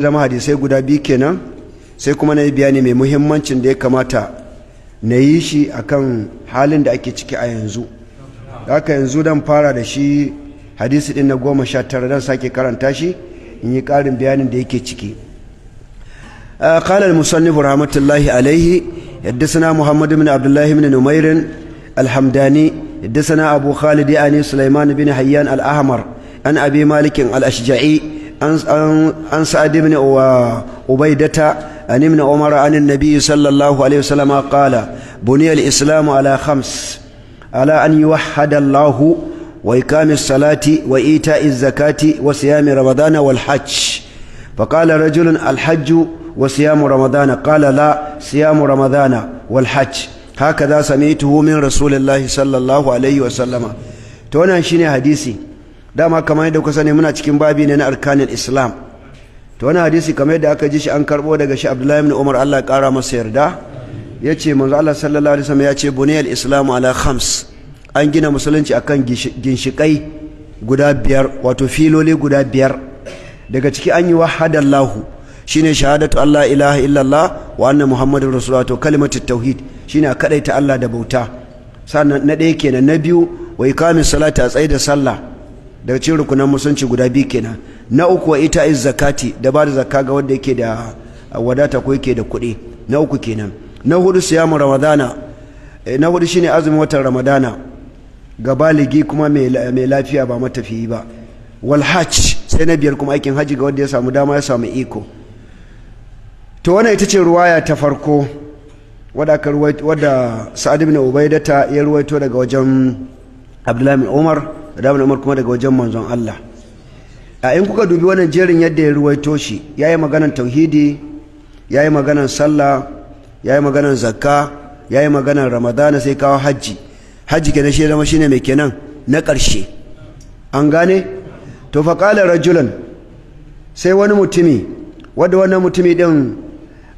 zama hadisai guda biyu kenan sai kuma na yi bayani mai muhimmancin da ya kamata na yi shi akan halin da ake ciki a yanzu haka yanzu dan fara da shi hadisi din na goma sha tara dan sake karanta shi in yi karin bayanin da yake ciki قال المصنف رحمة الله عليه حدثنا محمد بن عبد الله بن نمير الحمداني حدثنا أبو خالد يعني سليمان بن حيان الأحمر عن أبي مالك الأشجعي عن سعد بن عبيدة عن ابن عمر عن النبي صلى الله عليه وسلم قال بني الإسلام على خمس على أن يوحد الله وإقام الصلاة وإيتاء الزكاة وصيام رمضان والحج فقال رجل الحج وصيام رمضان قال لا صيام رمضان والحج هكذا سمعته من رسول الله صلى الله عليه وسلم تونا شيني حديثي dama kamar yadda kuka sani muna cikin babi ne na arkanin islam to wani hadisi kamar yadda aka ji shi an karbo daga shi abdullahi ibn umar allah kara masa yarda ya ce manzo allah sallallahu alaihi wasallam ya ce buniyal islam ala khams an gina musulunci kan ginshikai guda biyar wato filoli guda biyar daga ciki an yi wahadallahu shine shahadatu allah ilaha illallah wa anna muhammadur rasulullah to kalimatut tauhid shine a kadaita allah da bauta sannan na ɗaya kenan na biyu wa kamin salati a tsaye da sallah daga cikin rukunan musulunci guda biyu kenan na uku wa ita ayi zakati da ba da zakka ga wanda yake da wadata ko yake da kuɗi na uku kenan na hudu siyamu ramadana eh, na hudu shine azumin watan ramadana ga baligi kuma mai lafiya ba matafiyi ba wal hajj sai na biyar kuma aikin hajji ga wanda ya samu dama ya samu iko to wannan ita ce ruwaya ta farko wadda wadda sa'ad ibn ubaidata ya ruwaito daga wajen abdullahi umar da umar kuma daga wajen manzon Allah a in kuka dubi wannan jerin yadda ya ruwaito shi yayi maganan tauhidi yayi maganan sallah yayi maganan zakka yayi maganan ramadana sai kawo hajji hajji kenan shi zama shine mai kenan na ƙarshe an gane to fa qala rajulan sai wani mutumi wanda wannan mutumi din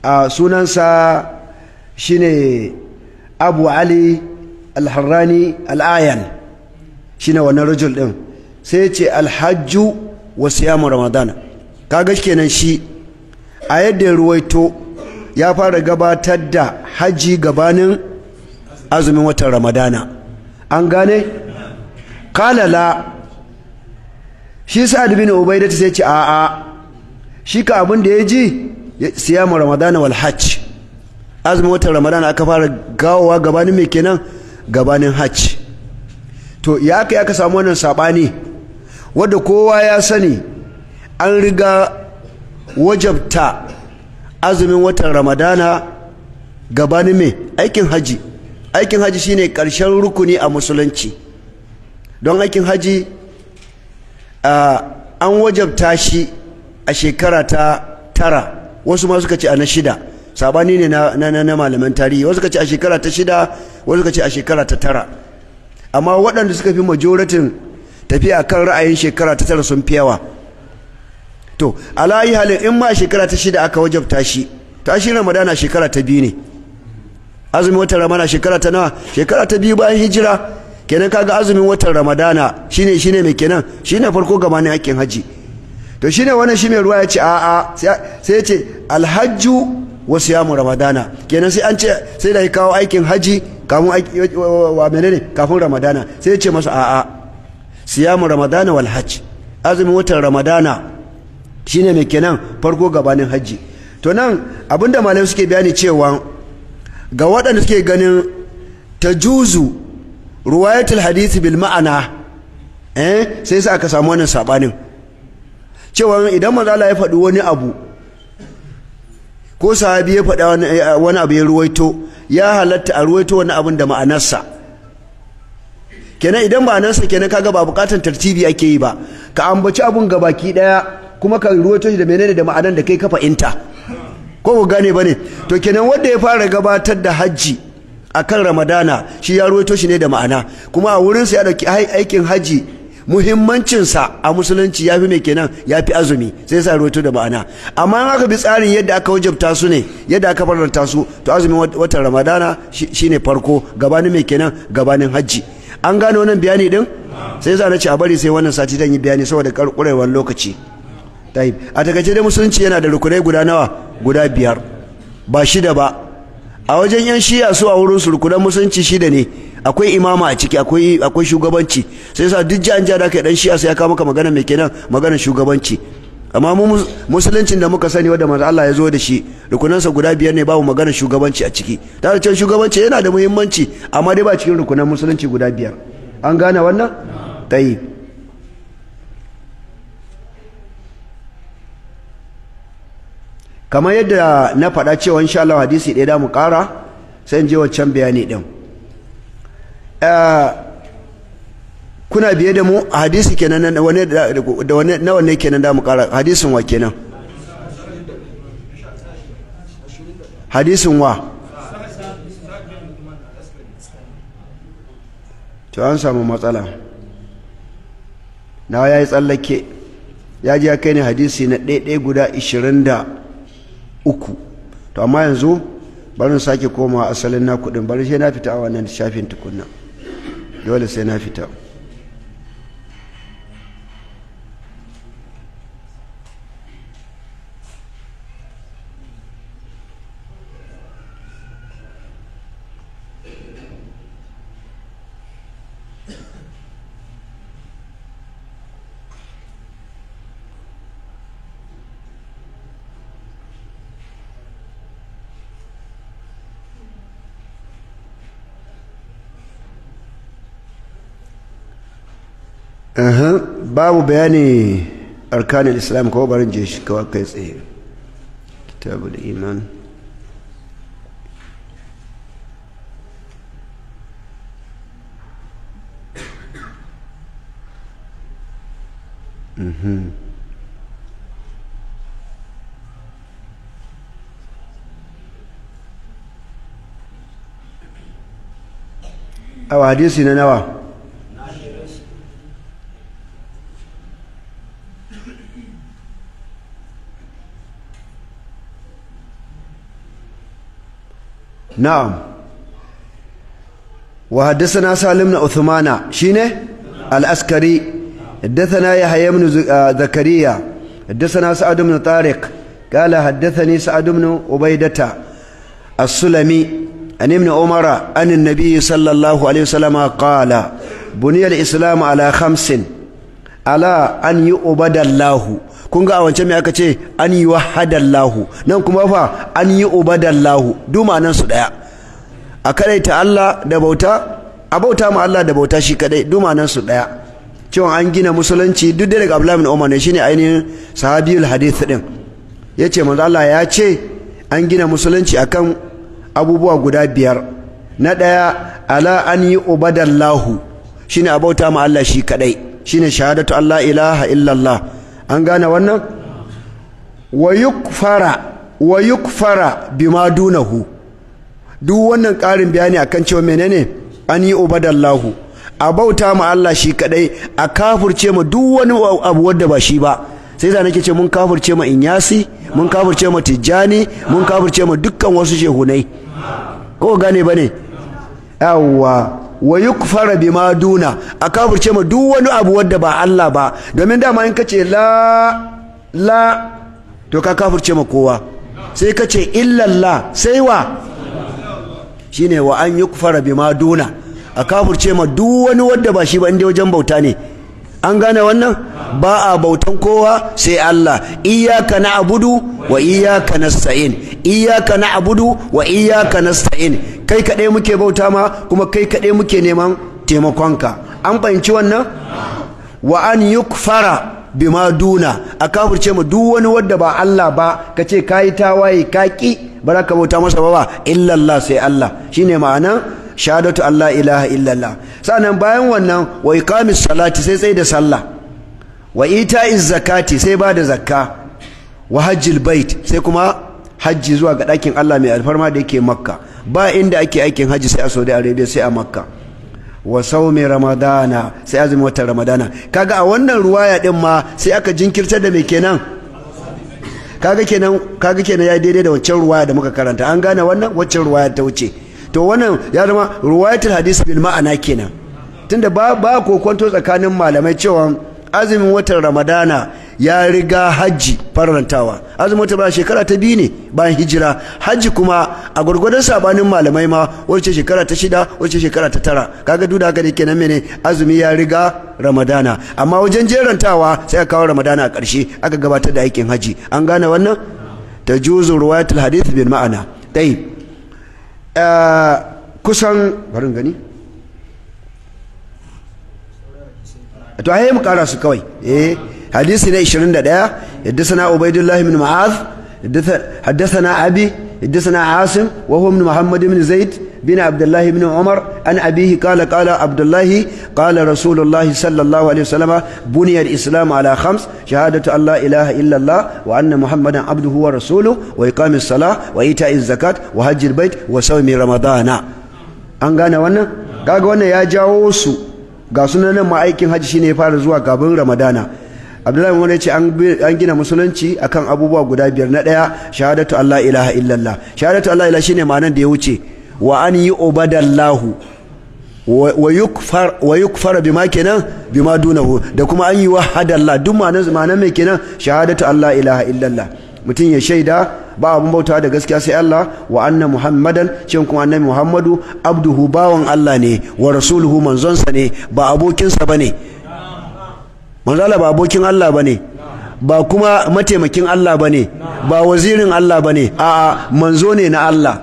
a sunansa shine abu ali al-harrani al-ayan al al ayan al shine wannan rajul din sai ya ce alhajju wa siyamu ramadana ka shi kenan shi a yadda ya ruwaito ya fara gabatar da haji gabanin azumin watan ramadana an gane kalala shi sa'ad bin ubaida sai ce a'a shi ka abin da ya ji siyamu ramadana wal hajj azumin watan ramadana aka fara gawowa gabanin mai kenan gabanin hajj to ya ya aka samu wannan sabani wadda kowa ya sani an riga wajabta azumin watan ramadana gabanin mai aikin haji aikin haji shine ƙarshen rukuni a musulunci don aikin haji an wajabta shi a shekara ta tara wasu ma suka ce a na shida sabani ne na, na, na, na malaman tarihi wasu ka ce a shekara ta shida wasu ka ce a shekara ta tara amma waɗanda suka fi majoratin tafiya kan ra'ayin shekara ta tara sun fi yawa to alayi halin in ma shekara ta shida aka wajab tashi tashi ramadana shekara ta biyu ne azumin watan ramadana shekara ta nawa shekara ta biyu bayan hijira kenan kaga azumin watan ramadana shine shine mai kenan shine farko ne hakkin haji to shine wannan shi mai ruwa ya ce a'a sai ya ce alhajju wa siyamu ramadana kenan sai an ce sai da ya kawo aikin haji kamun wa menene kafin ramadana sai ya ce masa a'a siyamu ramadana wal azumin watan ramadana shine mai kenan farko gabanin haji to nan abinda malamai suke bayani cewa ga waɗanda suke ganin tajuzu ruwayatul hadisi bil ma'ana eh sai sa aka samu wannan sabanin cewa idan manzo Allah ya faɗi wani abu ko sahabi ya faɗa eh, wani abu ya ruwaito ya halatta a ruwaito wani abin da ma'anarsa kenan idan ma'anarsa kenan kaga ba bukatan tartibi ake yi ba ka ambaci abun gabaki daya kuma ka ruwaito da menene da ma'anar da kai kafa inta ko ku gane bane to kenan wanda ya fara gabatar da hajji akan ramadana shi ya ruwaito shi ne da ma'ana kuma a wurinsa ya dauki aikin hajji muhimmancinsa a musulunci ya fi mai kenan ya fi azumi sai sa roto da ma'ana amma in aka bi tsarin yadda aka wajabta su ne yadda aka faranta su to azumin watan ramadana shine farko gabanin mai kenan gabanin hajji an gane wannan bayani din sai sa na ce a bari sai wannan sati dan yi bayani saboda karkurewar lokaci tayib a takaice dai musulunci yana da rukunai guda nawa guda biyar ba shida ba a wajen yan shiya su a wurin su rukunan musulunci shida ne akwai imama a ciki akwai akwai shugabanci sai sa duk jan jada kai dan shi'a sai ya kawo maka magana mai kenan magana shugabanci amma mu musuluncin da muka sani wanda manzo Allah ya zo da shi rukunansa guda biyar ne babu magana shugabanci a ciki ta da shugabanci yana da muhimmanci amma dai ba cikin rukunan musulunci guda biyar an gane wannan tayyib kamar yadda na faɗa cewa insha Allah hadisi ɗaya da mu ƙara sai je wancan bayani ɗin kuna biye da mu hadisi kenan da wani da wani na wanne kenan da mu kara hadisin wa kenan hadisin wa to an samu matsala na ya yi tsallake ya ji ya kai ne hadisi na ɗaiɗai guda ishirin da uku to amma yanzu barin sake koma asalin na kuɗin bari sai na fita a wannan shafin tukunna dole sai na fita Aha, babu bayani arkani alislam islam kwa barin je shi kai tsaye. Kitabul Iman. Mhm. Awa hadisi na nawa? na'am wa haddathana salim na uthmana shine al-askari haddathana yahya ibn zakariya haddathana sa'ad ibn tariq قال حدثني سعد بن عبيدة السلمي عن ابن عمر عن النبي صلى الله عليه وسلم قال بني الإسلام على خمس على أن يؤبد الله kun ga a wancan me aka ce an yi wahadallahu nan kuma fa an yi ubadallahu duma nan su daya a ta Allah da bauta a bauta ma Allah da bauta shi kadai duma nan su daya cewa an gina musulunci duk da daga Abdullahi bin Umar ne shine ainihin sahabiyul hadith din yace manzo Allah ya ce an gina musulunci akan abubuwa guda biyar na daya ala an yi ubadallahu shine a bauta ma Allah shi kadai shine shahadatu Allah ilaha illallah an gane wannan wa yukfara wa yukfara bima dunahu duk wannan ƙarin bayani akan cewa menene an yi ubadallahu a bauta ma Allah shi kadai a kafurce ma duk wani abu wadda ba shi ba sai da nake ce mun kafurce ma inyasi mun kafurce ma tijjani mun kafurce ma dukkan wasu shehunai ko gane bane yawwa wa yukfara ma duna a kafirce ma duk wani abu wadda ba Allah ba domin dama in kace la la to ka kafirce ma kowa sai kace illallah sai wa shine wa an yukfara ma duna a kafirce ma duk wani wadda ba shi ba inda wajen bauta ne an gane wannan ba a bautan kowa sai Allah iyyaka na'budu wa iyyaka nasta'in iyyaka na'budu wa iyyaka nasta'in kai kaɗai muke bauta ma kuma kai kaɗai muke neman taimakonka an fahimci wannan wa an yukfara bima duna a kafirce mu duk wani wadda ba Allah ba ka ce ka yi tawaye ka ki ba ka bauta masa ba ba illallah sai Allah shine ma'anan shahadatu Allah ilaha illallah sannan bayan wannan wa iqamis salati sai tsaye da sallah wa ita'iz zakati sai ba da zakka wa hajjil bait sai kuma hajji zuwa ga ɗakin Allah mai alfarma da yake makka ba inda ake aikin hajji sai a saudi arabia sai a makka wa saumi ramadana sai azumin watan ramadana kaga a wannan ruwaya din ma sai aka jinkirtar da mai kenan kaga kenan kaga kenan ya daidai da wancan ruwaya da muka karanta an gane wannan wancan ruwaya ta wuce to wannan ya zama ruwayatul hadis bil ma'ana kenan tunda ba ba kokonto tsakanin malamai cewa azumin watan ramadana ya riga hajji farantawa azumin ta ba shekara ta biyu ne bayan hijira hajji kuma a gwargwadon sabanin malamai ma wacce shekara ta shida wacce shekara ta tara kaga duda haka ne kenan mene azumi ya riga ramadana amma wajen jerantawa sai ka kawo ramadana a ƙarshe aka gabatar da aikin hajji an gane wannan ta juzu ruwayatul hadith bil ma'ana tayi eh, kusan bari gani to ai mu kara su kawai eh hadisi na 21 haddathana ubaidullah ibn mu'az haddathana abi haddathana asim wa huwa ibn muhammad ibn zaid bin abdullah umar an abihi qala qala abdullah qala rasulullah sallallahu alaihi wasallam buniya al-islam ala shahadatu an la ilaha illa allah wa abduhu wa rasuluhu wa iqamis salah wa ita'iz zakat wa hajjil bait ramadana an gane wannan kaga ya jawo su ga sunanan ma'aikin hajji shi ne fara zuwa gaban ramadana abdullahi wani ce an gina musulunci akan abubuwa guda biyar na ɗaya shahadatu allah ilaha illallah shahadatu allah ilaha shine ma'anar da ya wuce wa an yi ubadallahu wa yukfara ma kenan bi ma dunahu da kuma an yi wahadallah duk ma'anar mai kenan shahadatu allah ilaha illallah mutum ya shaida ba abun bauta da gaskiya sai Allah wa anna muhammadan shin kuma annabi muhammadu abduhu bawan Allah ne wa rasuluhu manzonsa ne ba abokinsa bane manzo Allah ba abokin Allah bane ba kuma mataimakin Allah bane ba wazirin Allah bane a'a manzo ne na Allah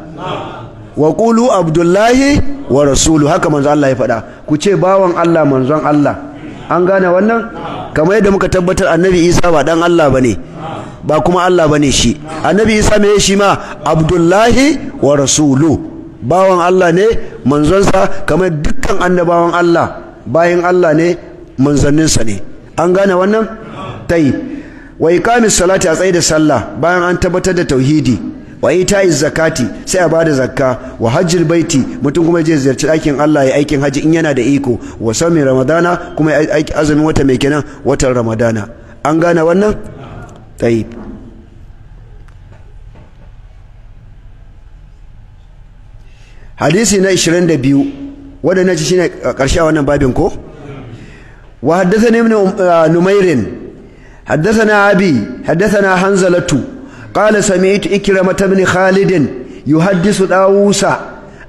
wa qulu abdullahi wa rasulu haka manzo Allah ya faɗa ku ce bawan Allah manzon Allah an gane wannan kamar yadda muka tabbatar annabi Isa ba dan Allah bane ba kuma Allah bane shi annabi Isa me shi ma abdullahi wa rasulu bawan Allah ne manzonsa kamar dukkan annabawan Allah bayan Allah ne manzanninsa ne an gane wannan tayi wa iqamis salati a tsaye da sallah bayan an tabbatar da tauhidi wa ita'iz zakati sai a bada zakka wa hajjil baiti mutum kuma je ziyarci ɗakin Allah ya aikin haji in yana da iko wa sami ramadana kuma aiki azumin wata mai kenan watan ramadana an gane wannan tayi hadisi na 22 wanda na ci shine karshe a wannan babin ko وحدثني ابن نمير حدثنا أبي حدثنا حنزلة قال سمعت إكرمة بن خالد يحدث داووس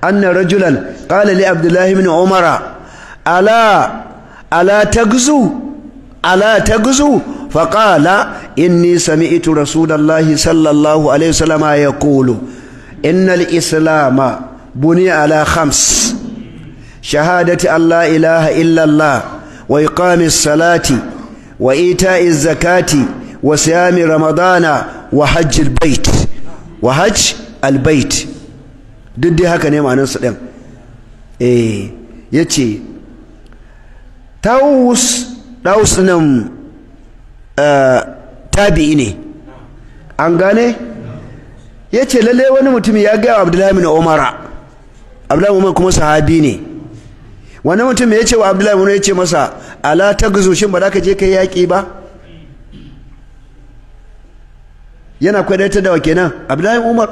أن رجلا قال لعبد الله بن عمر ألا ألا تغزو ألا تغزو فقال إني سمعت رسول الله صلى الله عليه وسلم يقول إن الإسلام بني على خمس شهادة أن لا إله إلا الله وإقام الصلاة وإيتاء الزكاة وصيام رمضان وحج البيت وحج البيت duk dai haka ne ma'anarsa ɗin eh ya ce taus taus nan tabi'i ne an gane ya ce lalle wani mutum ya gaya wa abdullahi umar kuma sahabi ne wani mutum me yace wa abdullahi ya yace masa ala tagzu shin ba za ka je kai yaƙi ba yana kwadaita da kenan abdullahi umar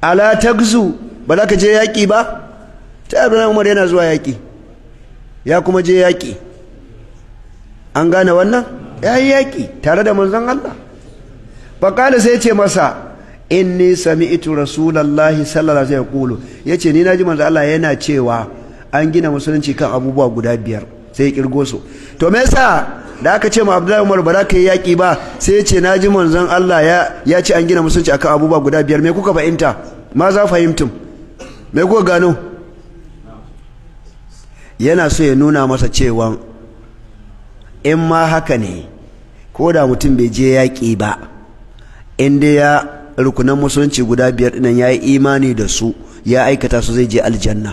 ala tagzu ba za ka je yaƙi ba ta abdullahi umar yana zuwa yaƙi ya kuma je yaƙi an gane wannan ya yi yaƙi tare da manzon Allah faqala sai yace masa inni sami'tu rasulallahi sallallahu alaihi wasallam yace ni ji manzon Allah yana cewa an gina musulunci kan abubuwa guda biyar sai ya kirgo su to me yasa da aka ce ma Abdullahi Umar ba za ka yi yaki ba sai ya ce na ji manzon Allah ya ya ce an gina musulunci akan abubuwa guda biyar me kuka fahimta ma za fahimtum me kuka gano yana so ya nuna masa cewa in ma haka ne ko da mutum bai je yaƙi ba in dai ya rukunan musulunci guda biyar ɗinan ya yi imani da su ya aikata su zai je aljanna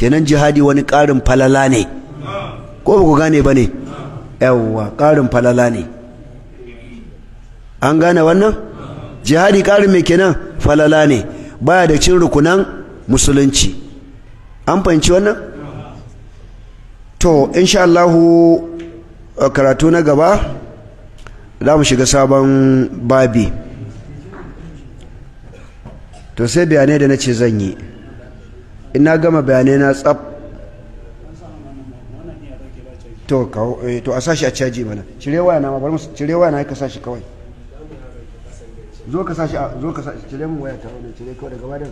kenan jihadi wani ƙarin falala ne ko ba ku gane ba ne yawwa ƙarin falala ne an gane wannan jihadi ƙarin mai kenan falala ne baya da cin rukunan musulunci an fahimci wannan to insha karatu na gaba za mu shiga sabon babi to sai bayanai da na ce zan yi ina gama bayanai na tsab to eh, a sashi a caji mana cire waya na ma bari cire na ka sashi kawai zo ka sashi zo ka sashi cire mu waya ta wannan cire kawai daga wadar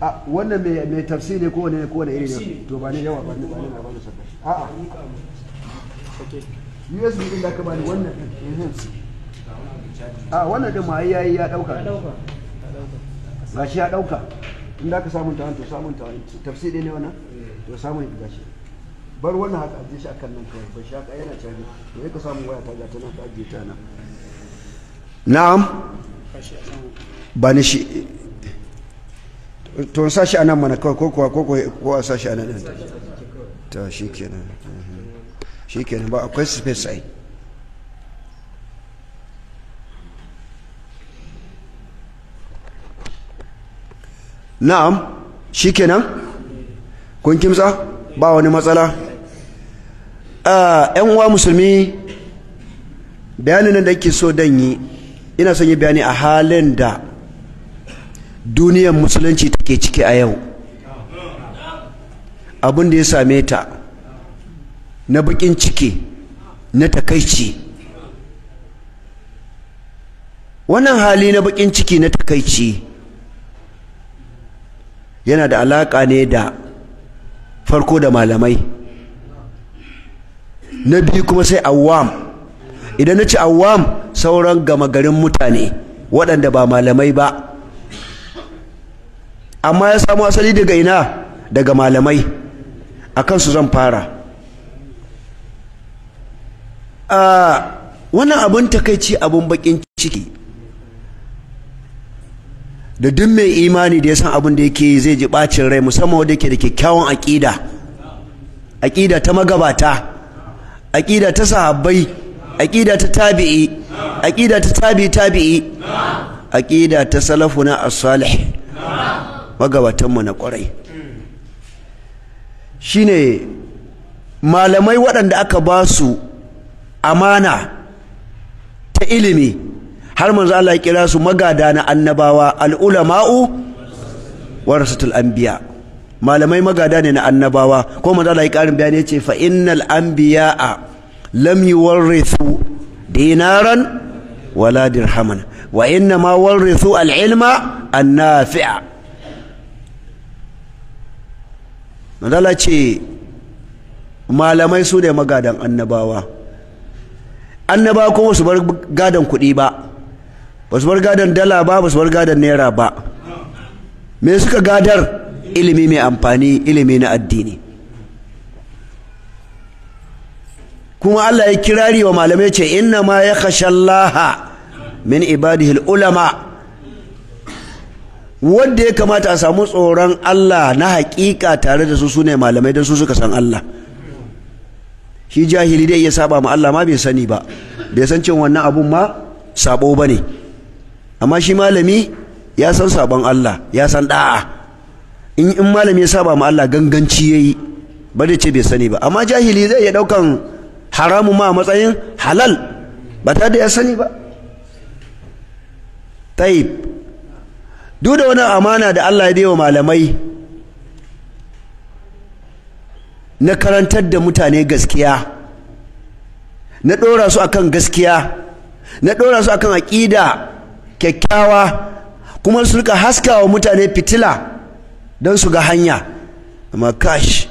a wannan mai mai tafsiri ko ne ko ne to ba ne yawa ba ne ba ne ba ne a a USB din da ka bani wannan mhm. a wannan din ma yayi ya dauka ga shi ya dauka in da ka samun ta to samun ta tafsiri ne wannan to samun ga shi bar wannan haka ajiye shi akan nan kawai bai shaka yana caji to ka samu waya ta ga ta nan ka ajiye ta nan na'am ba ni shi to sa shi anan mana kawai ko kuwa ko ko a sa shi anan ta shi kenan mhm. shi kenan ba akwai space ai na'am shikenan kun kimsa ba wani matsala yan ah, uwa musulmi bayanin da ke so dan yi ina son yi bayani a halin da duniyar musulunci take ciki a yau abin da ya same ta na bakin ciki na takaici wannan hali na bakin ciki na takaici yana da alaƙa ne da farko da malamai na biyu kuma sai awam idan na ci awam sauran gama garin mutane waɗanda ba malamai ba amma ya samu asali daga ina daga malamai a kansu zan fara ah, wannan abin takaici abin bakin ciki da duk mai imani da ya san abin da yake zai ji bacin rai musamman wanda yake da kyakkyawan aƙida aƙida ta magabata aƙida ta sahabbai aƙida ta tabi'i aƙida ta tabi tabi'i aƙida ta salafuna as-salih magabatanmu na ƙwarai shine malamai waɗanda aka ba su amana ta ilimi har manzo Allah ya kira su magada na annabawa al-ulama'u warasatul anbiya malamai magada ne na annabawa ko manzo Allah ya karin bayani yace fa innal anbiya'a lam yuwarrithu dinaran wala dirhaman wa inna ma warrithu al-ilma an-nafi'a manzo ce malamai su ne magadan annabawa annabawa kuma su bar gadan kuɗi ba ba su bar gadon dala ba ba su bar gadon naira ba me suka gadar ilimi mai amfani ilimi na addini kuma Allah ya kirari wa malamai ce inna ma ya khashallaha min ibadihi ulama wanda ya kamata a samu tsoron Allah na hakika tare da su sune malamai don su suka san Allah shi jahili dai ya saba ma Allah ma bai sani ba bai san cin wannan abun ma sabo bane amma shi malami ya san sabon Allah ya san da'a in in malami ya saba ma Allah ganganci yayi ba da ce bai sani ba amma jahili zai iya daukan haramu ma matsayin halal ba ta da ya sani ba tayib duk da wani amana da Allah ya wa malamai na karantar da mutane gaskiya na ɗora su akan gaskiya na ɗora su akan aƙida kyakkyawa kuma su rika haskawa mutane fitila don su ga hanya amma kashi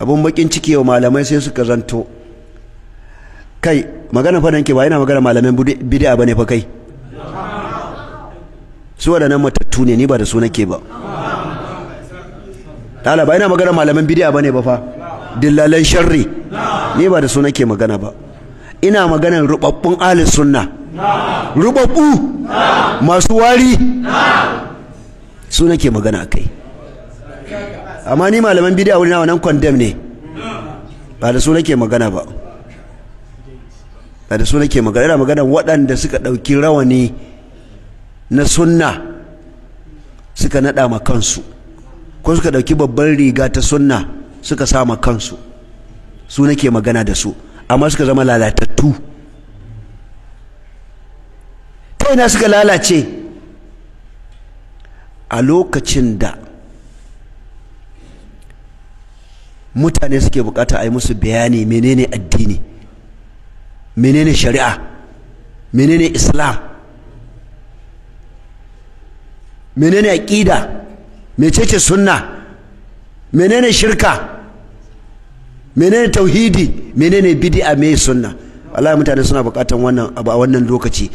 abin bakin ciki wa malamai sai suka zanto kai magana fadon ke ba yana magana malamin ba bane fa kai su waɗannan matattu ne ni ba da su nake ba Lala ba ina magana malamin bidiya bane ba fa dillalan sharri ni ba da su nake magana ba ina maganar rubabbun ahli sunna rubabbu masu wari su nake magana a kai amma ni malaman wani wurina wannan condemn ne ba da su nake magana ba ba da su nake magana yana magana waɗanda suka ɗauki rawani na sunna suka naɗa ma kansu ko suka ɗauki babban riga ta sunna suka sa ma kansu su nake magana da su amma suka zama lalatattu ta ina suka lalace a lokacin da mutane suke bukata a yi musu bayani menene addini menene shari'a menene islam menene aƙida mecece sunna menene shirka menene tauhidi menene bid'a me sunna wallahi mutane suna bukatan wannan abu a wannan lokaci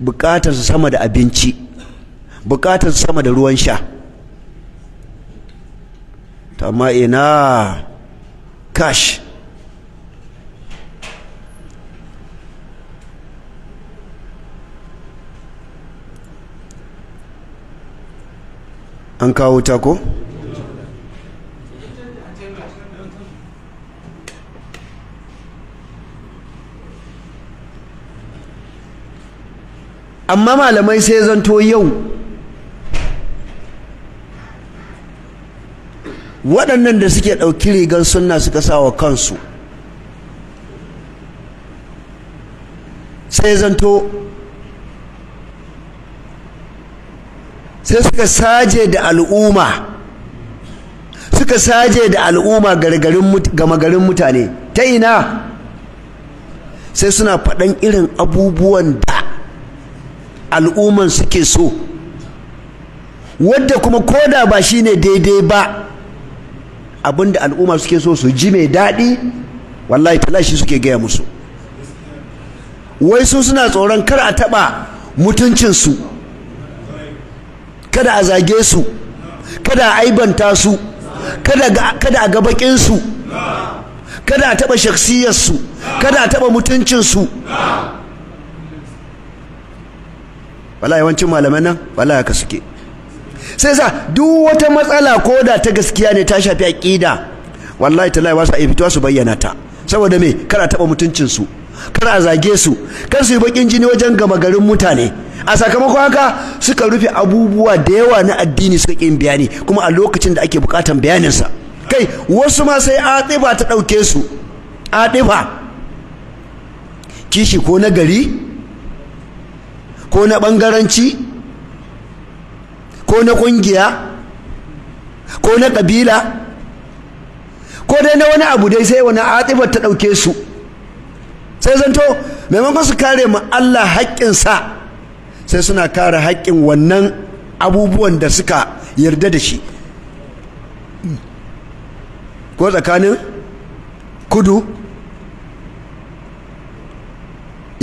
bukatarsa sama da abinci bukatar sama da ruwan sha amma ina cash an kawo ta ko? amma malamai sai zanto yau waɗannan da suke ɗauki rigar sunna suka sa wa kansu sai zanto sai suka saje da al'umma suka saje da al'umma gama garin mutane ta ina sai suna faɗan irin abubuwan da al'umman suke so wadda kuma koda ba shine daidai ba abinda al'umma suke so su ji mai daɗi wallahi talashi suke gaya musu wai su suna tsoron kar a taɓa mutuncinsu kada a zage su kada a aibanta su kada a gabaƙinsu kada a taɓa shaksiyarsu kada a taɓa mutuncinsu wala yawancin malaman nan wala ka suke sai sa duk wata matsala ko da ta gaskiya ne ta shafi aqida wallahi tallahi wasu ai fitowa su bayyana ta saboda me kana taba mutuncin su a zage su kar su yi bakin jini wajen gama garin mutane a sakamakon haka suka rufe abubuwa da yawa na addini suka kin bayani kuma a lokacin da ake bukatan bayanin sa kai wasu ma sai atiba ta dauke su atiba kishi ko na gari ko na ɓangaranci ko na ƙungiya ko na ƙabila ko dai na wani abu dai sai wani atibar ta ɗauke su sai zanto maimakon su kare mu Allah haƙƙin sa sai suna kare haƙƙin wannan abubuwan da suka yarda da shi ko tsakanin kudu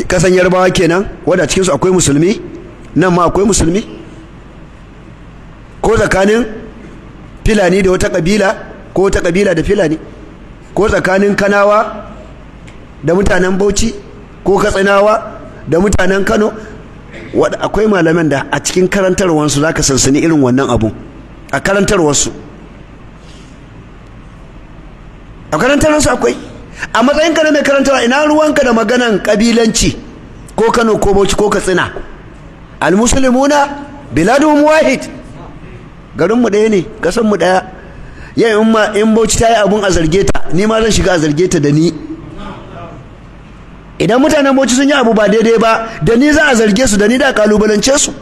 kasan yarbawa kenan wadda cikinsu akwai musulmi nan ma akwai musulmi ko tsakanin filani da wata kabila ko wata kabila da filani ko tsakanin kanawa da mutanen bauchi ko katsinawa da mutanen kano akwai malaman da a cikin karantarwarsu za ka sansani irin wannan abu a karantarwarsu a karantarwarsu akwai a matsayin ka na mai karantawa ina ruwanka da maganan kabilanci ko Kano ko Bauchi ko Katsina almusulmuna biladuhum wahid garin mu ɗaya ne kasan mu ɗaya yayin in ma in Bauchi ta yi abun a zarge ta ni ma zan shiga a zarge ta da ni idan mutanen Bauchi sun yi abu ba daidai ba da ni za a zarge su da ni da kalubalance su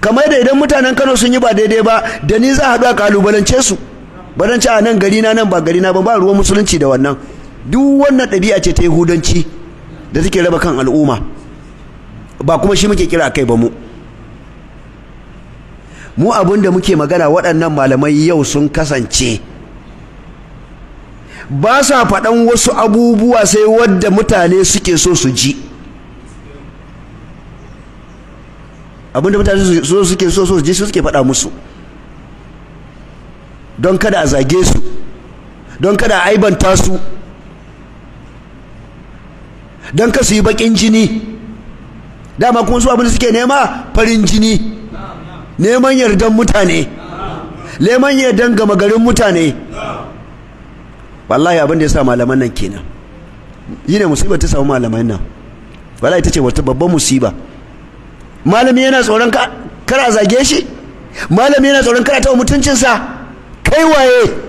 kamar da idan mutanen Kano sun yi ba daidai ba da ni za a haɗu a kalubalance su baranci a nan gari na nan ba gari na ba ba ruwan musulunci da wannan duk wannan ɗabi'a ce ta yahudanci da take raba kan al'umma ba kuma shi muke kira kai ba mu mu abin da muke magana waɗannan malamai yau sun kasance ba sa faɗan wasu abubuwa sai wadda mutane suke so su ji abin da mutane suke so su ji su suke faɗa musu don kada a zage su don kada a aibanta su don ka su yi baƙin jini dama kuma su abin da suke nema farin jini neman yardan mutane neman yardan gama garin mutane wallahi abin da ya sa malaman nan kenan yi ne musibar ta samu malaman nan wallahi ita ce wata babban musiba malami yana tsoron kara zage shi malami yana tsoron kara ta mutuncinsa kai waye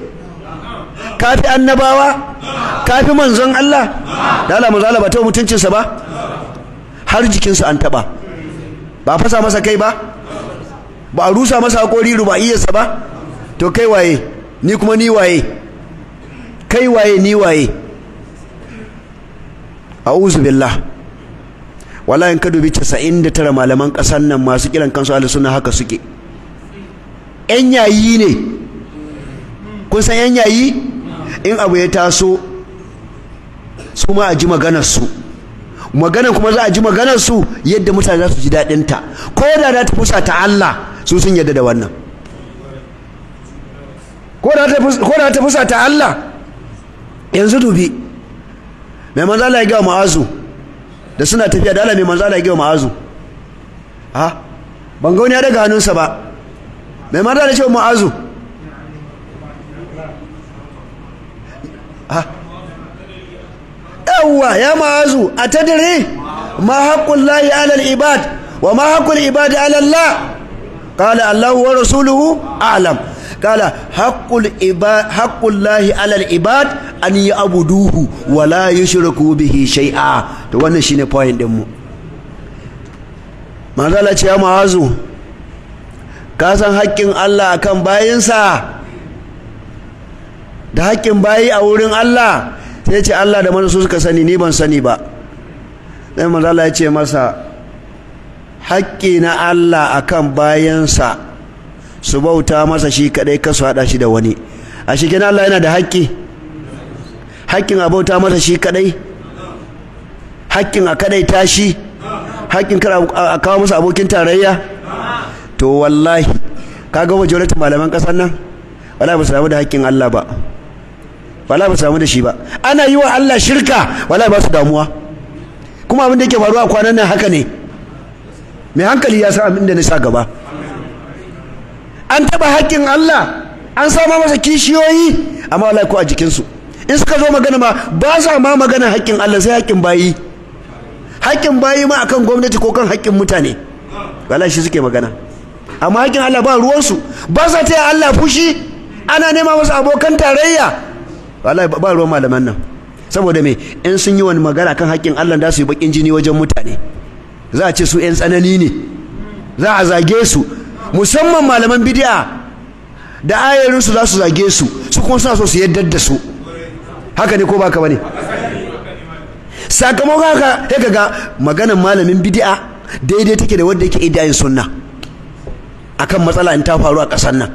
kafi annabawa kafi manzon Allah da Allah manzon ba ta mutuncinsa ba har sa an taba ba fasa masa kai ba ba a rusa masa hakori sa ba to kai waye ni kuma ni waye kai waye ni waye a'udhu billah wallahi in ka dubi 99 malaman ƙasar nan masu kiran kansu ahli sunna haka suke yan yayi ne kun san yan yayi in abu ya taso su ma a ji maganarsu maganar kuma za a ji maganarsu yadda mutane za su ji daɗinta ko da za ta fusa ta Allah su sun yadda da wannan ko da ta fusa ta Allah yanzu dubi mai manzala ya gawa ma'azu da suna tafiya da Allah mai manzala ya gawa ma'azu ha ah, ban ga ya daga hannunsa ba mai manzala ya ce ma'azu Ah. yawwa ya ma'azu a dire ma haƙƙun layi alal ibad wa ma haƙƙun ibad alalla. ƙala allahu wa rasuluhu alam ƙala haƙƙun layi alal ibad an yi abuduhu wa la yi shirku bihi shai'a ta wannan shine fahim ɗinmu manzala ce ya ma'azu ka san haƙƙin allah akan bayinsa da haƙƙin bayi a wurin Allah sai ce Allah da manzo suka sani ni ban sani ba sai manzo Allah ya ce masa haƙƙi na Allah akan bayansa su bauta masa shi kadai kasu hada shi da wani a shi Allah yana da haƙƙi haƙƙin a bauta masa shi kadai haƙƙin a kadai tashi haƙƙin kar a kawo masa abokin tarayya to wallahi kaga wajen malaman ƙasar nan wallahi ba su da haƙƙin Allah ba wala ba samu da shi ba ana yi wa Allah shirka wala ba su damuwa kuma abin da yake faruwa kwanan nan haka ne mai hankali ya san abin da na sa gaba an taba haƙƙin Allah an sa masa kishiyoyi amma wala ko a jikinsu in suka zo magana ma ba sa ma magana haƙƙin Allah sai haƙƙin bayi haƙƙin bayi ma akan gwamnati ko kan haƙƙin mutane wala shi suke magana amma haƙƙin Allah ba ruwansu ba sa taya Allah fushi ana nema masa abokan tarayya wallahi ba ruwan malaman nan saboda me in sun yi wani magana kan haƙƙin Allah da su yi bakin jini wajen mutane za a ce su yan tsanani ne za a zage su musamman malaman bid'a da ayarin su za su zage su su kuma suna so su yadda da su haka ne ko ba ka bane sakamakon haka sai ga maganar malamin bid'a daidai take da wanda yake idayin sunna akan matsala in ta faru a ƙasar nan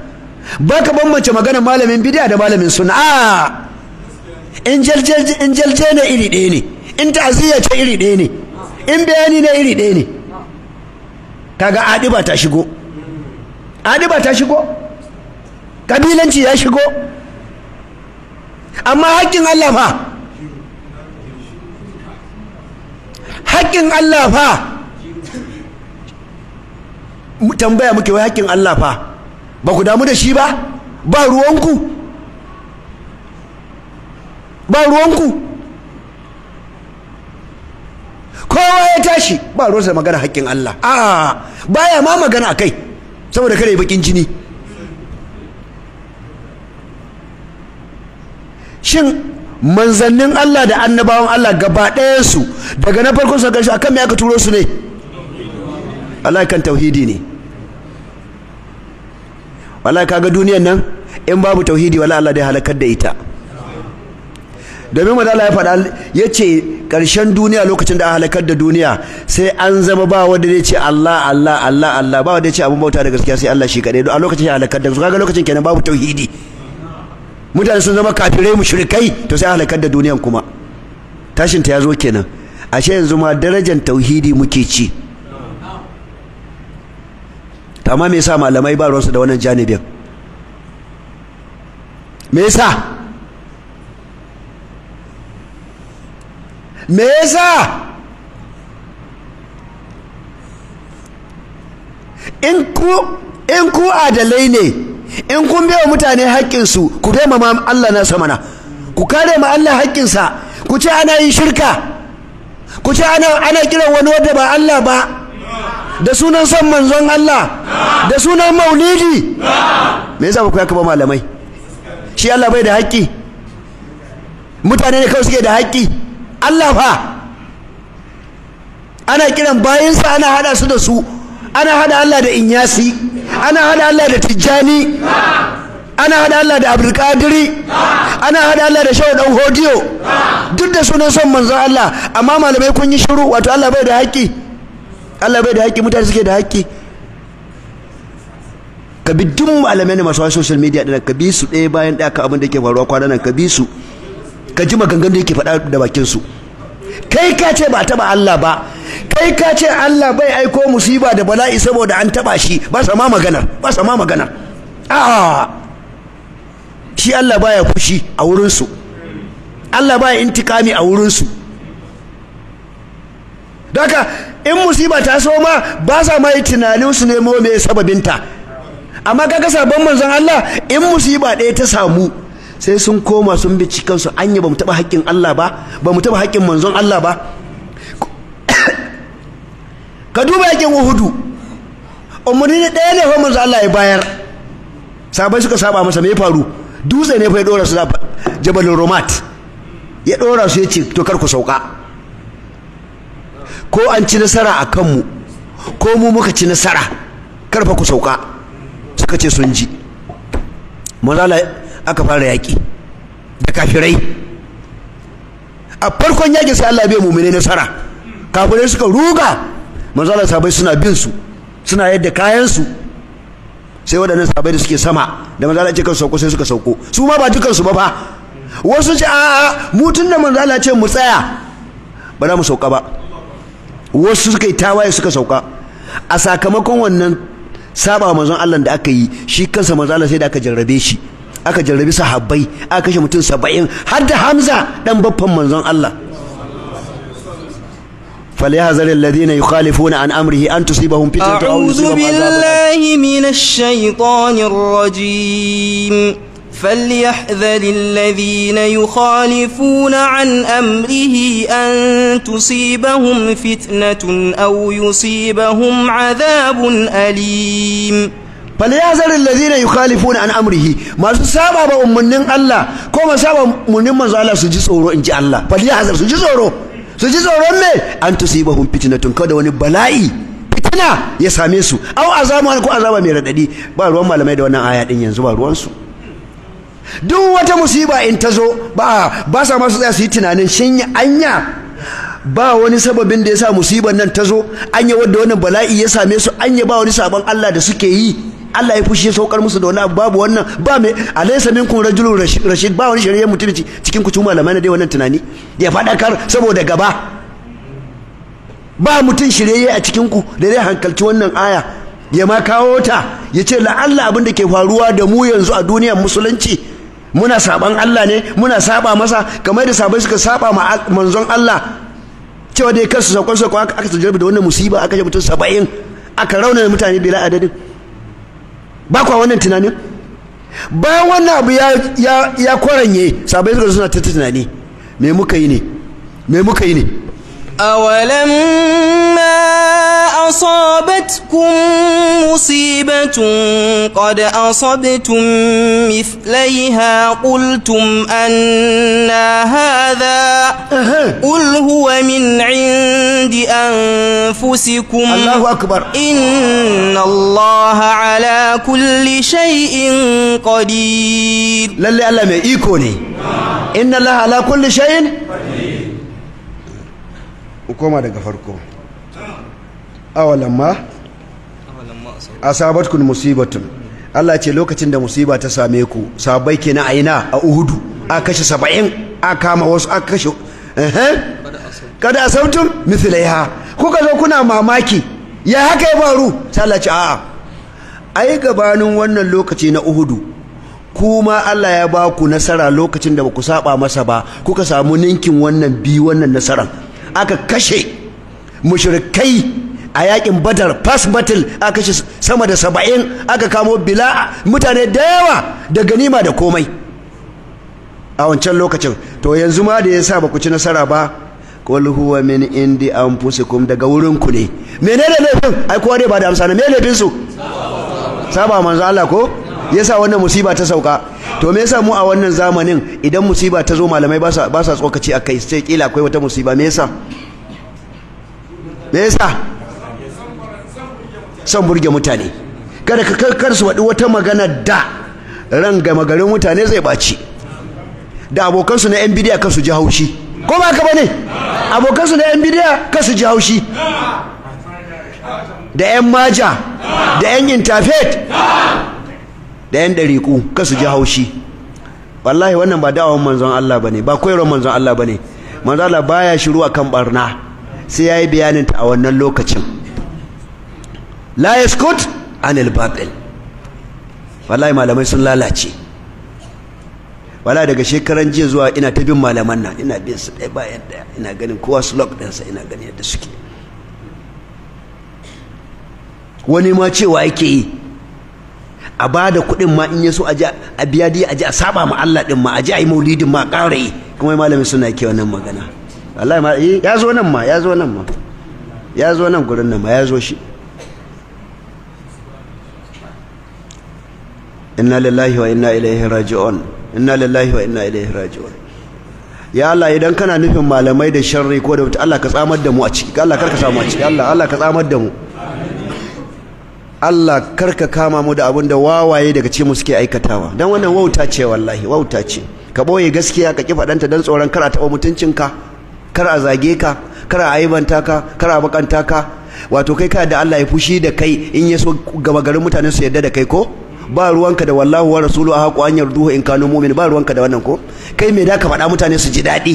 baka bambance maganar malamin bid'a da malamin sunna A. in jalje ne iri ɗaya ne in ta'aziyya ce iri ɗaya ne in bayani ne iri ɗaya ne kaga adiba ta shigo adiba ta shigo kabilanci ya shigo amma haƙƙin Allah fa haƙƙin Allah fa tambaya muke wai haƙƙin Allah fa ba ku damu da shi ba ba ruwanku ba ruwanku kowa ya tashi ba ruwansa magana haƙƙin Allah a'a baya ma magana a kai saboda kare bakin jini shin manzannin Allah da annabawan Allah gaba ɗayansu daga na farkon su a kan me aka turo su ne Allah kan tauhidi ne Wala kaga duniyar nan in babu tauhidi wala Allah dai halakar da ita domin mu ya faɗa ya ce ƙarshen duniya lokacin da an halakar da duniya sai an zama ba wanda zai ce Allah Allah Allah Allah ba wanda zai ce abun bauta da gaskiya sai Allah shi kaɗai a lokacin ya halakar da su kaga lokacin kenan babu tauhidi mutane sun zama kafirai mushrikai to sai halakar da duniyan kuma tashin ta ya zo kenan ashe yanzu ma darajar tauhidi muke ci amma me yasa malamai ba ruwansu da wannan janibin me yasa me yasa in ku in ku adalai ne in kun bai wa mutane haƙƙinsu ku bai ma Allah na samana ku kare ma Allah haƙƙinsa ku ce ana yin shirka ku ce ana ana kiran wani wanda ba Allah ba da sunan son manzon Allah da sunan maulidi me yasa ku ka ba malamai shi Allah bai da haƙƙi mutane ne kawai suke da haƙƙi Allah fa ana kiran bayansa ana hada su da su ana hada Allah da inyasi ana hada Allah da tijjani ana hada Allah da abdulkadiri ana hada Allah da shehu dan hodiyo duk da sunan son manzon Allah amma malamai kun yi shiru wato Allah bai da haƙƙi Allah bai da haƙƙi mutane suke da haƙƙi ka bi duk malamai ne masu social media ɗin ka bi su ɗaya bayan ɗaya ka abin da ke faruwa kwanan nan ka bi su ka ji maganganun da yake faɗa da bakinsu kai ka ce ba taɓa Allah ba kai ka ce Allah bai aiko musiba da bala'i saboda an taɓa shi ba sa ma magana ba sa ma magana shi Allah baya fushi a wurinsu Allah baya intikami a wurinsu daga in musiba ta so ma ba sa ma yi tunanin su nemo mai sababinta amma kaga sabon manzon Allah in musiba ɗaya ta samu sai sun koma sun bi cikansu anya ba mu taɓa haƙƙin Allah ba ba mu taɓa haƙƙin manzon Allah ba ka duba yakin Uhudu umarni ɗaya ne fa manzo Allah ya bayar sabai suka saba masa me ya faru dutse ne fa ya dora su da jabalin Romat ya dora su ya ce to kar ku sauka ko an ci nasara a kanmu ko mu muka ci nasara kar fa ku sauka suka ce sun ji Allah aka fara yaƙi da kafirai a farkon yaƙi sai Allah bai mumine nasara kafirai suka ruga manzo Allah sabai suna bin su suna yadda kayan su sai waɗannan sabai da suke sama da manzo Allah ce kan sauko sai suka sauko su ma ba dukan su ba fa wasu ce a'a mutun tun da manzo Allah ce mu tsaya ba za mu sauka ba wasu suka yi tawaye suka sauka a sakamakon wannan saba manzon Allah da aka yi shi kansa manzo Allah sai da aka jarrabe shi aka jarrabi sahabbai aka kashe mutum 70 har da hamza dan babban manzon Allah فليحذر الذين يخالفون عن أمره أن تصيبهم فتنة أو يصيبهم بالله من الشيطان الرجيم فليحذر الذين يخالفون عن أمره أن تصيبهم فتنة أو يصيبهم عذاب أليم falyazar alladhina yukhalifuna an amrihi masu saba ba umurnin Allah ko ma saba umarnin manzo Allah su ji tsoro in ji Allah falyazar su ji tsoro su ji tsoron me an tusibahum fitnatun kada wani bala'i fitina ya same su au azamu ko azaba mai radadi ba ruwan malamai da wannan aya din yanzu ba ruwan su duk wata musiba in ta zo ba ba sa masu tsaya su yi tunanin shin anya ba wani sababin da ya sa musibar nan ta zo anya wadda wani bala'i ya same su anya ba wani sabon Allah da suke yi Allah ya fushi saukar musu da wani abu babu wannan ba mai alaysa minkum rajulun rashid ba wani shari'a mutunci cikin ku ci malamai na dai wannan tunani ya faɗakar saboda gaba ba mutum shirye a cikin ku da zai hankalci wannan aya ya ma kawo ta ya ce la'alla abin da ke faruwa da mu yanzu a duniyar musulunci muna saban Allah ne muna saba masa kamar da sabai suka saba ma manzon Allah cewa dai kansu sakon sakon aka aka da wannan musiba aka ji mutum saba'in aka raunana mutane bila adadin ba kwa wannan tunanin bayan wannan abu ya ya ya kwaranye sabai suka suna ta tunani me muka yi ne me muka yi ne أولما أصابتكم مصيبة قد أصبتم مثليها قلتم أن هذا قل هو من عند أنفسكم الله أكبر إن الله على كل شيء قدير للي ألمي إيكوني إن الله على كل شيء قدير ku koma daga farko awalamma asabatkum musibatun Allah ce lokacin da musiba ta same ku sabai ke a ina a Uhudu a kashe saba'in a kama wasu a kashe kada a ya ha, kuka zo kuna mamaki ya haka ya faru sai Allah a, a'a ai gabanin wannan lokaci na Uhudu kuma Allah ya ba ku nasara lokacin da ba ku saba masa ba kuka samu ninkin wannan bi wannan nasarar? aka kashe mushrikai a yakin badar first battle a kashe sama da saba'in aka kamo bila mutane da yawa da ganima da komai a wancan lokacin to yanzu ma da ya sa baku ci nasara ba qul huwa mini indi kuma daga wurin ku ne menene laifin ai kowa ne ba da amsa ne me laifin su saba manzo Allah ko yasa wannan musiba ta sauka to me yasa mu a wannan zamanin idan musiba ta zo malamai ba sa ba sa tsokaci akai sai kila akwai wata musiba me yasa me yasa son burge mutane kada ka karkar su wadi wata magana da ran gama garin mutane zai baci da abokansu na yan bidiya kan su ji haushi ko ba ka bane abokansu na yan bidiya kan su ji haushi da yan maja da yan intafet da yan ka su ji haushi wallahi wannan ba da'awan manzon Allah bane ba koyarwar manzon Allah bane manzon Allah baya shiru akan barna sai yayi bayanin ta a wannan lokacin la yaskut anil babil wallahi malamai sun lalace wala daga shekaran jiya zuwa ina ta bin malaman nan ina bin su ɗaya bayan ɗaya ina ganin kowa su lock ɗinsa ina ganin yadda suke wani ma cewa yake yi a ba da kuɗin ma in ya so a biya dai a ji a saba ma Allah ɗin ma a ji a yi maulidin ma ƙara kuma malamin suna ke wannan magana wallahi ma eh, ya zo nan ma ya zo nan ma ya zo nan gurin nan ma ya zo shi inna lillahi wa inna ilaihi raji'un inna lillahi wa inna ilaihi raji'un ya Allah idan kana nufin malamai da sharri ko da Allah ka tsamar da mu a ciki Allah kar ka samu a ciki Allah Allah ka tsamar da mu Allah karka kama mu da abin da wawaye daga ce mu suke aikatawa dan wannan wauta ce wallahi wauta ce ka boye gaskiya ka kifa danta dan tsoron kar a taba mutuncinka kar a zage ka kar a aibanta ka kar a bakanta ka wato kai ka da Allah ya fushi da kai in ya so gaba garin mutane su yarda da kai ko ba ruwanka da wallahu wa rasulu ahaqu an yarduhu in kanu mu'min ba ruwanka da wannan ko kai me da ka faɗa mutane su ji daɗi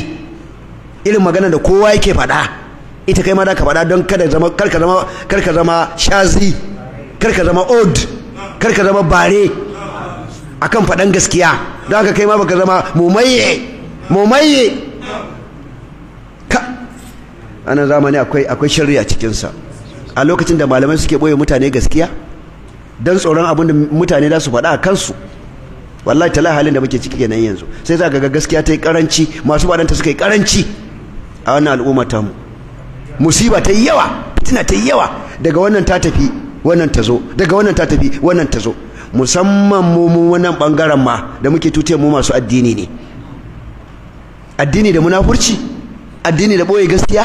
irin magana da kowa yake faɗa ita kai ma da ka faɗa don kada zama karka zama karka zama shazi kar ka zama old karka zama bare akan faɗan gaskiya don haka kai ma baka zama mumaye mumaye ka ana zamani akwai akwai shari'a a cikinsa a lokacin da malamai suke boye mutane gaskiya don tsoron abin da mutane za su faɗa a kansu wallahi tala halin da muke ciki kenan yanzu sai za ga gaskiya ta yi karanci masu faɗanta suka yi karanci a wannan al'umma tamu musiba ta yi yawa fitina ta yi yawa daga wannan ta tafi wannan ta zo daga wannan ta tafi wannan ta zo musamman mu mu wannan bangaren ma da muke tutiyar mu masu addini ne addini da munafurci addini da boye gaskiya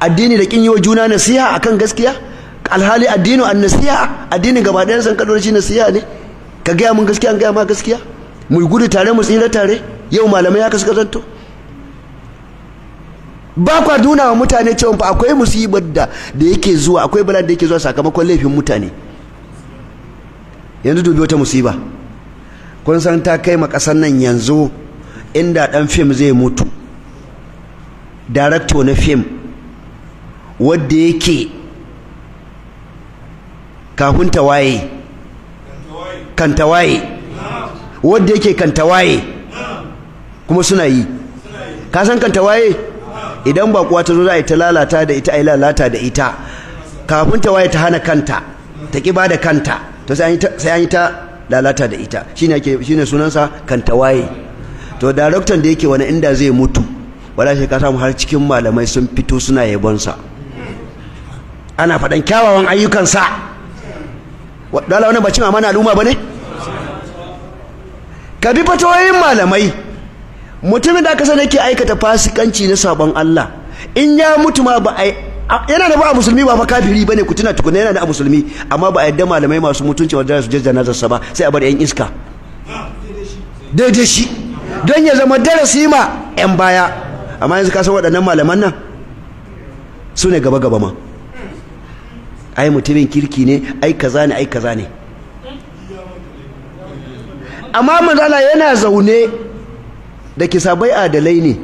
addini da kin yi wa juna nasiha akan gaskiya alhali addinu an nasiha addini gaba ɗaya san kadar shi nasiha ne ka gaya mun gaskiya an gaya ma gaskiya mu gudu tare mu tsira tare yau malamai haka suka zanto ba kwa nuna wa mutane cewa fa akwai musibar da da yake zuwa akwai bala da yake zuwa sakamakon laifin mutane yanzu dubi wata musiba kun san ta kai ma kasar nan yanzu inda dan fim zai mutu director na fim wadda yake kafin tawaye waye wadda yake waye kuma suna yi ka san kan waye. idan ba kuwa ta zo za a yi ta lalata da ita a yi lalata da ita kafin ta waye ta hana kanta ta ƙi ba da kanta to sai an yi ta lalata da ita shine sunansa kanta waye to daraktan da yake wani inda zai mutu wala shi ka samu har cikin malamai sun fito suna yabonsa ana faɗan kyawawan ayyukansa dala wani bacin amana al'umma ba ne ka bi fatoyin malamai mutumin da aka sani yake aikata fasikanci na sabon Allah in ya mutu ma ba ai yana da ba musulmi ba fa kafiri bane ku tuna tukuna yana da musulmi amma ba a yadda malamai masu mutunci wanda su jajjana nazarsa ba sai a bar yan iska daidai shi don ya zama darasi ma yan baya amma yanzu ka san waɗannan malaman nan su ne gaba gaba ma ai mutumin kirki ne ai kaza ne ai kaza ne amma manzala yana zaune da ke sabai adalai ne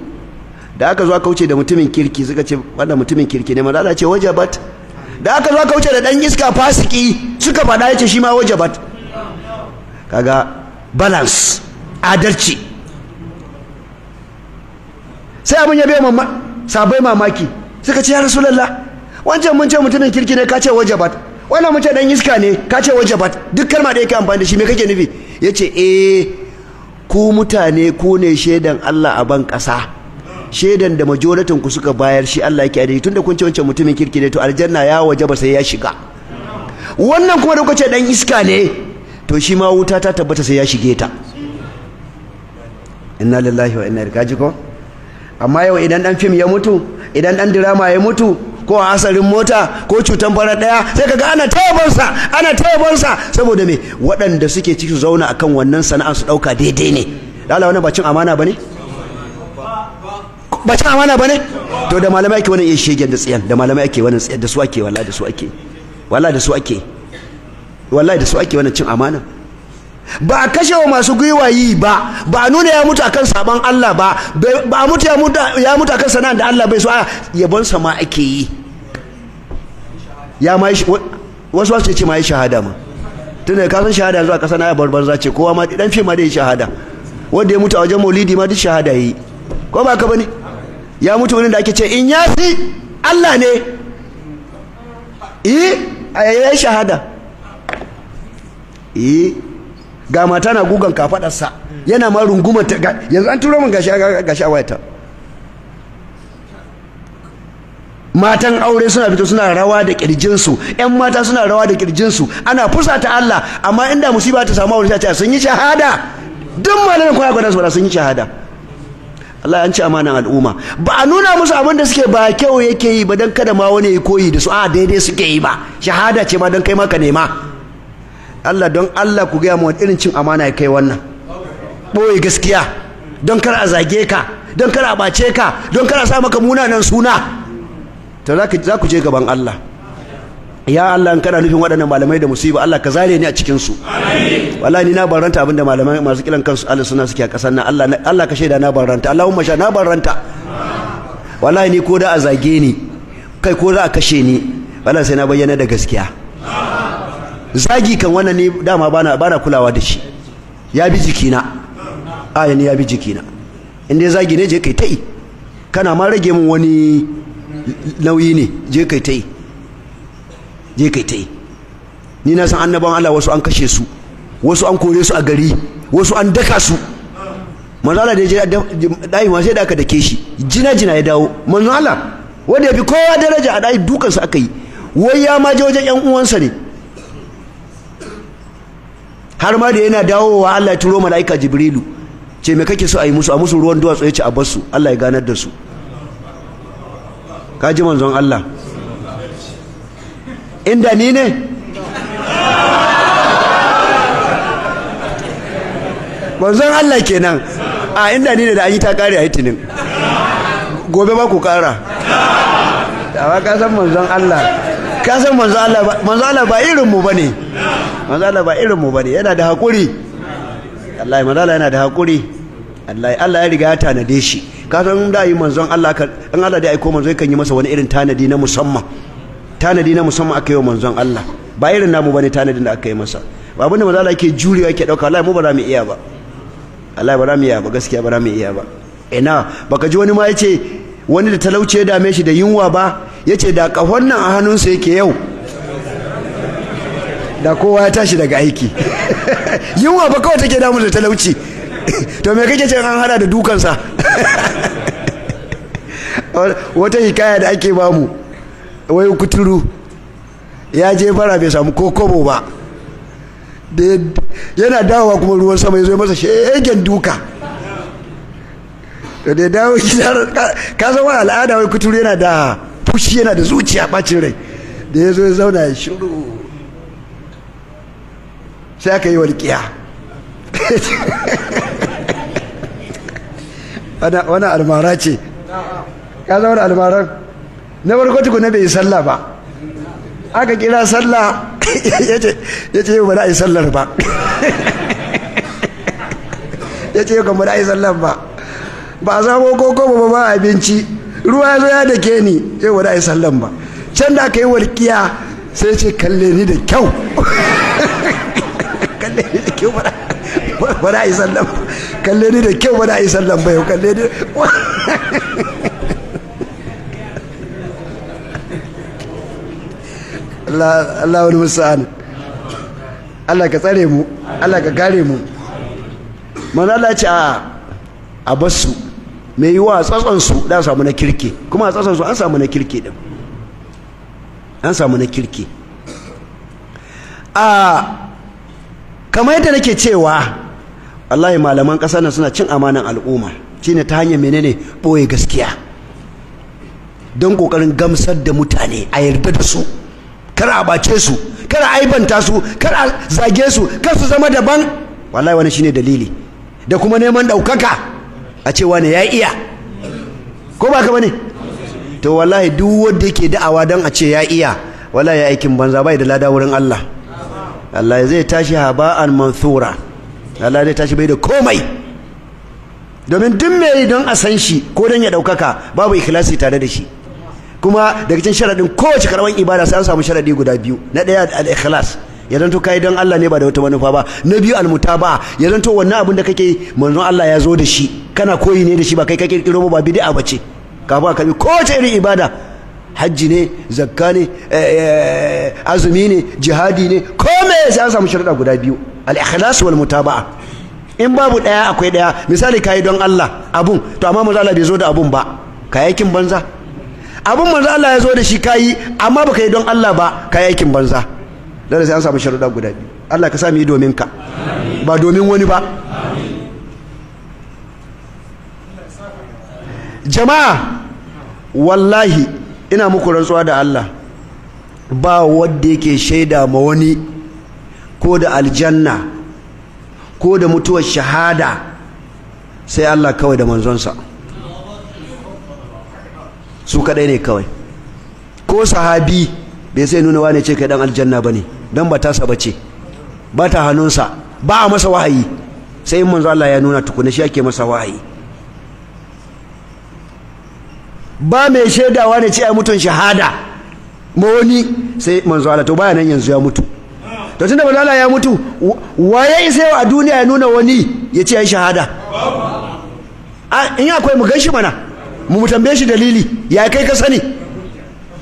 da aka zo aka wuce da mutumin kirki suka ce wannan mutumin kirki ne manzo ce wajabat da aka zo aka wuce da dan iska fasiki suka faɗa yace shi ma wajabat kaga balance adalci sai abin ya biya mamma sabai mamaki suka ce ya lalla wancan mun ce mutumin kirki ne ka ce wajabat wannan mun ce dan iska ne ka ce wajabat duk kalma da yake amfani da shi me kake nufi yace eh ku mutane ku ne shaidan Allah a ban ƙasa shaidan da majoratin ku suka bayar shi Allah yake adai tunda kun ce wancan mutumin kirki ne to aljanna ya waje ba sai ya shiga wannan kuma da kuka dan iska ne to shi ma wuta ta tabbata sai ya shige ta inna lillahi wa inna ilaihi raji'un amma yau idan dan fim ya mutu idan dan drama ya mutu ko a asarin mota ko cutan fara daya sai kaga ana tayabansa ana tayabansa saboda me waɗanda suke cikin zauna akan wannan sana'ar su dauka daidai ne lala wannan bacin amana bane bacin amana bane to da malamai ake wannan shegen da tsiyan da malamai ake wannan da su ake wallahi da su ake wallahi da su ake wallahi da su ake wannan cin amana ba a kashe wa masu gwiwa yi ba ba a nuna ya mutu akan saban Allah ba ba a mutu ya mutu akan sana'a da Allah bai so a yabon sama ake yi ya ma wasu wasu ce ma yi shahada ma tunda ka kasan shahada zuwa kasa na ya barbarza ce kowa ma dan fiye ma da yi shahada wanda ya mutu a wajen maulidi ma duk shahada yi ko ba ka bani ya mutu wani da ake ce in yasi Allah ne eh ayi shahada eh ga mata na gugan kafadarsa yana ma runguma ta yanzu an turo min gashi a wayata matan aure suna fito suna rawa da kirjinsu yan mata suna rawa da kirjinsu ana fusa ta Allah amma inda musiba ta samu aure ta sun yi shahada duk malamin kwaya gwada su sun yi shahada Allah ya ci amanan al'umma ba a nuna musu abin da suke ba kyau yake yi ba don kada ma wani ya koyi da su a daidai suke yi ba shahada ce ma don kai maka nema Allah don Allah ku gaya wani irin cin amana ya kai wannan ɓoye gaskiya don kar a zage ka don kar a ɓace ka don kar a sa maka munanan suna to za ku je gaban Allah ya Allah an kana nufin waɗannan malamai da musiba Allah ka zare ni a cikin su wallahi ni na barranta abinda malamai masu kiran kansu Allah suna suke a ƙasar nan Allah Allah ka shaida na barranta Allahumma sha na barranta wallahi ni ko da a zage ni kai ko za a kashe ni wallahi sai na bayyana da gaskiya zagi kan wannan ne dama bana bana kulawa da shi ya bi jikina aya ne ya bi jikina in dai zagi ne je kai ta'i kana ma rage min wani nauyi ne je kai ta'i je kai ta'i ni na san annaban Allah wasu an kashe su wasu an kore su a gari wasu an daka su manzala da je dai ma sai da ka dake shi jina jina ya dawo manzala wanda ya fi kowa daraja a dai dukansa aka yi wai ya ma je wajen yan uwansa ne har ma da yana dawowa Allah ya turo mala'ika Jibrilu ce me kake so a yi musu a musu ruwan duwatsu ya ce a basu Allah ya ganar da su ka ji manzon Allah inda ni ne manzon Allah kenan a inda ni ne da an yi ta kare a hitinin gobe ba ku kara da ba ka san manzon Allah ka san manzon Allah manzon Allah ba irin mu bane mazala ba irin mu bane yana da hakuri wallahi manzo yana da hakuri wallahi Allah ya riga ya tanade shi ka san da yi manzon Allah kan in Allah da aiko manzo kan yi masa wani irin tanadi na musamman tanadi na musamman aka yi wa manzon Allah ba irin namu bane tanadin da aka yi masa ba abinda manzo yake juriya yake dauka allah mu ba za mu iya ba allah ba za mu iya ba gaskiya ba za mu iya ba ina baka ji wani ma yace wani da talauci ya dame shi da yunwa ba yace da kahon nan a hannunsa yake yau da kowa ya tashi daga aiki yunwa ba kawai take damu da talauci to me kake ce an hada da dukansa wata hikaya da ake bamu wai kuturu ya je bara bai samu ko kobo ba yana dawowa kuma ruwan sama ya zo masa shegen duka da da dawo gida ka san wa al'ada wai kuturu yana da fushi yana da zuciya bacin rai da ya zo ya zauna ya shiru sai aka yi walƙiya wani almara ce ya zama wani almaran na farko na bai yi sallah ba aka kira sallah ya ce yau ba da a yi sallar ba ya ce yau kan ba da a yi sallar ba ba a samu koko ba ba abinci ruwa ya zo ya da ke ni yau ba da a yi sallar ba can da aka yi walƙiya sai ce kalle ni da kyau kalle ni da kyau ba da yi sallan kalle ni da kyau ba da yi sallan ba yau kalle ni Allah wani musa'an Allah ka tsare mu Allah ka kare mu mana Allah ce a basu mai yiwuwa a tsatsonsu da samu na kirki kuma a tsatsonsu an samu na kirki din an samu na kirki a kamar yadda nake cewa wallahi malaman ƙasar na suna cin amanan al'umma shine ta hanyar menene ɓoye gaskiya don ƙoƙarin gamsar da mutane a yarda da su kar a bace su kar a aibanta su kar a zage su kar su zama daban wallahi wani shine dalili da kuma neman ɗaukaka a cewa ne ya iya ko ba ka ne to wallahi duk wanda yake da'awa don a ce ya iya wallahi ya aikin banza bai da lada wurin Allah Allah zai tashi haba'an manthura Allah zai tashi bai da komai domin duk mai don a san shi ko don ya ɗaukaka babu ikhlasi tare da shi kuma daga cikin sharaɗin kowace karawan ibada sai an samu sharaɗi guda biyu na daya al-ikhlas ya zanto kai don Allah ne ba da wata manufa ba na biyu mutaba ya zanto wannan abin da kake manzon Allah ya zo da shi kana koyi ne da shi ba kai ka kirkiro ba bid'a bace kafin ka bi kowace irin ibada hajji ne zakka ne eh, eh, azumi ne jihadi ne kome sai an samu sharuɗa guda biyu al-ikhlas wal mutaba'a in babu ɗaya akwai ɗaya misali kayi don Allah abun to amma manzo Allah bai zo da abun ba kayakin banza abun manzo Allah ya zo da shi kayi amma baka yi don Allah ba kayakin banza dole sai an samu sharuɗa guda biyu Allah ka sami domin ka ba domin wani ba jama'a wallahi ina muku rantsuwa da Allah ba wanda yake shaida ma wani ko da aljanna ko da mutuwar shahada sai Allah kawai da manzonsa su kadai ne kawai ko sahabi bai sai nuna wane ce kai dan aljanna bane dan ba tasa bace ba ta hannunsa ba a masa wahayi sai in manzo Allah ya nuna tukuna shi ake masa wahayi ba mai shaidawa ne ce ai mutun shahada ma wani sai manzo Allah to baya nan yanzu ya mutu to tunda manzo Allah ya mutu waye isa yau a duniya ya nuna wani ya ce ai shahada in akwai mu ganshi mana mu tambaye shi dalili ya kai ka sani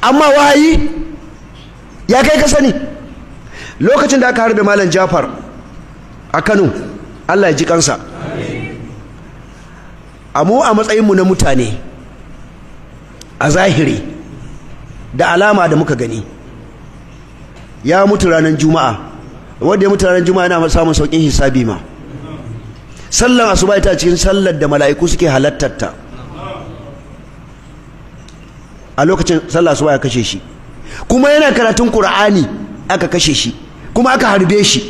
amma wahayi ya kai ka sani lokacin da aka harbe malam Jafar a Kano Allah ya ji kansa amu a matsayinmu na mutane a zahiri da alama da muka gani ya mutu ranar juma'a wanda ya mutu ranar juma'a yana samun saukin hisabi ma sallan asuba ita cikin sallar da mala'iku suke halattar ta a lokacin sallar asuba ya kashe shi kuma yana karatun qur'ani aka kashe shi kuma aka harbe shi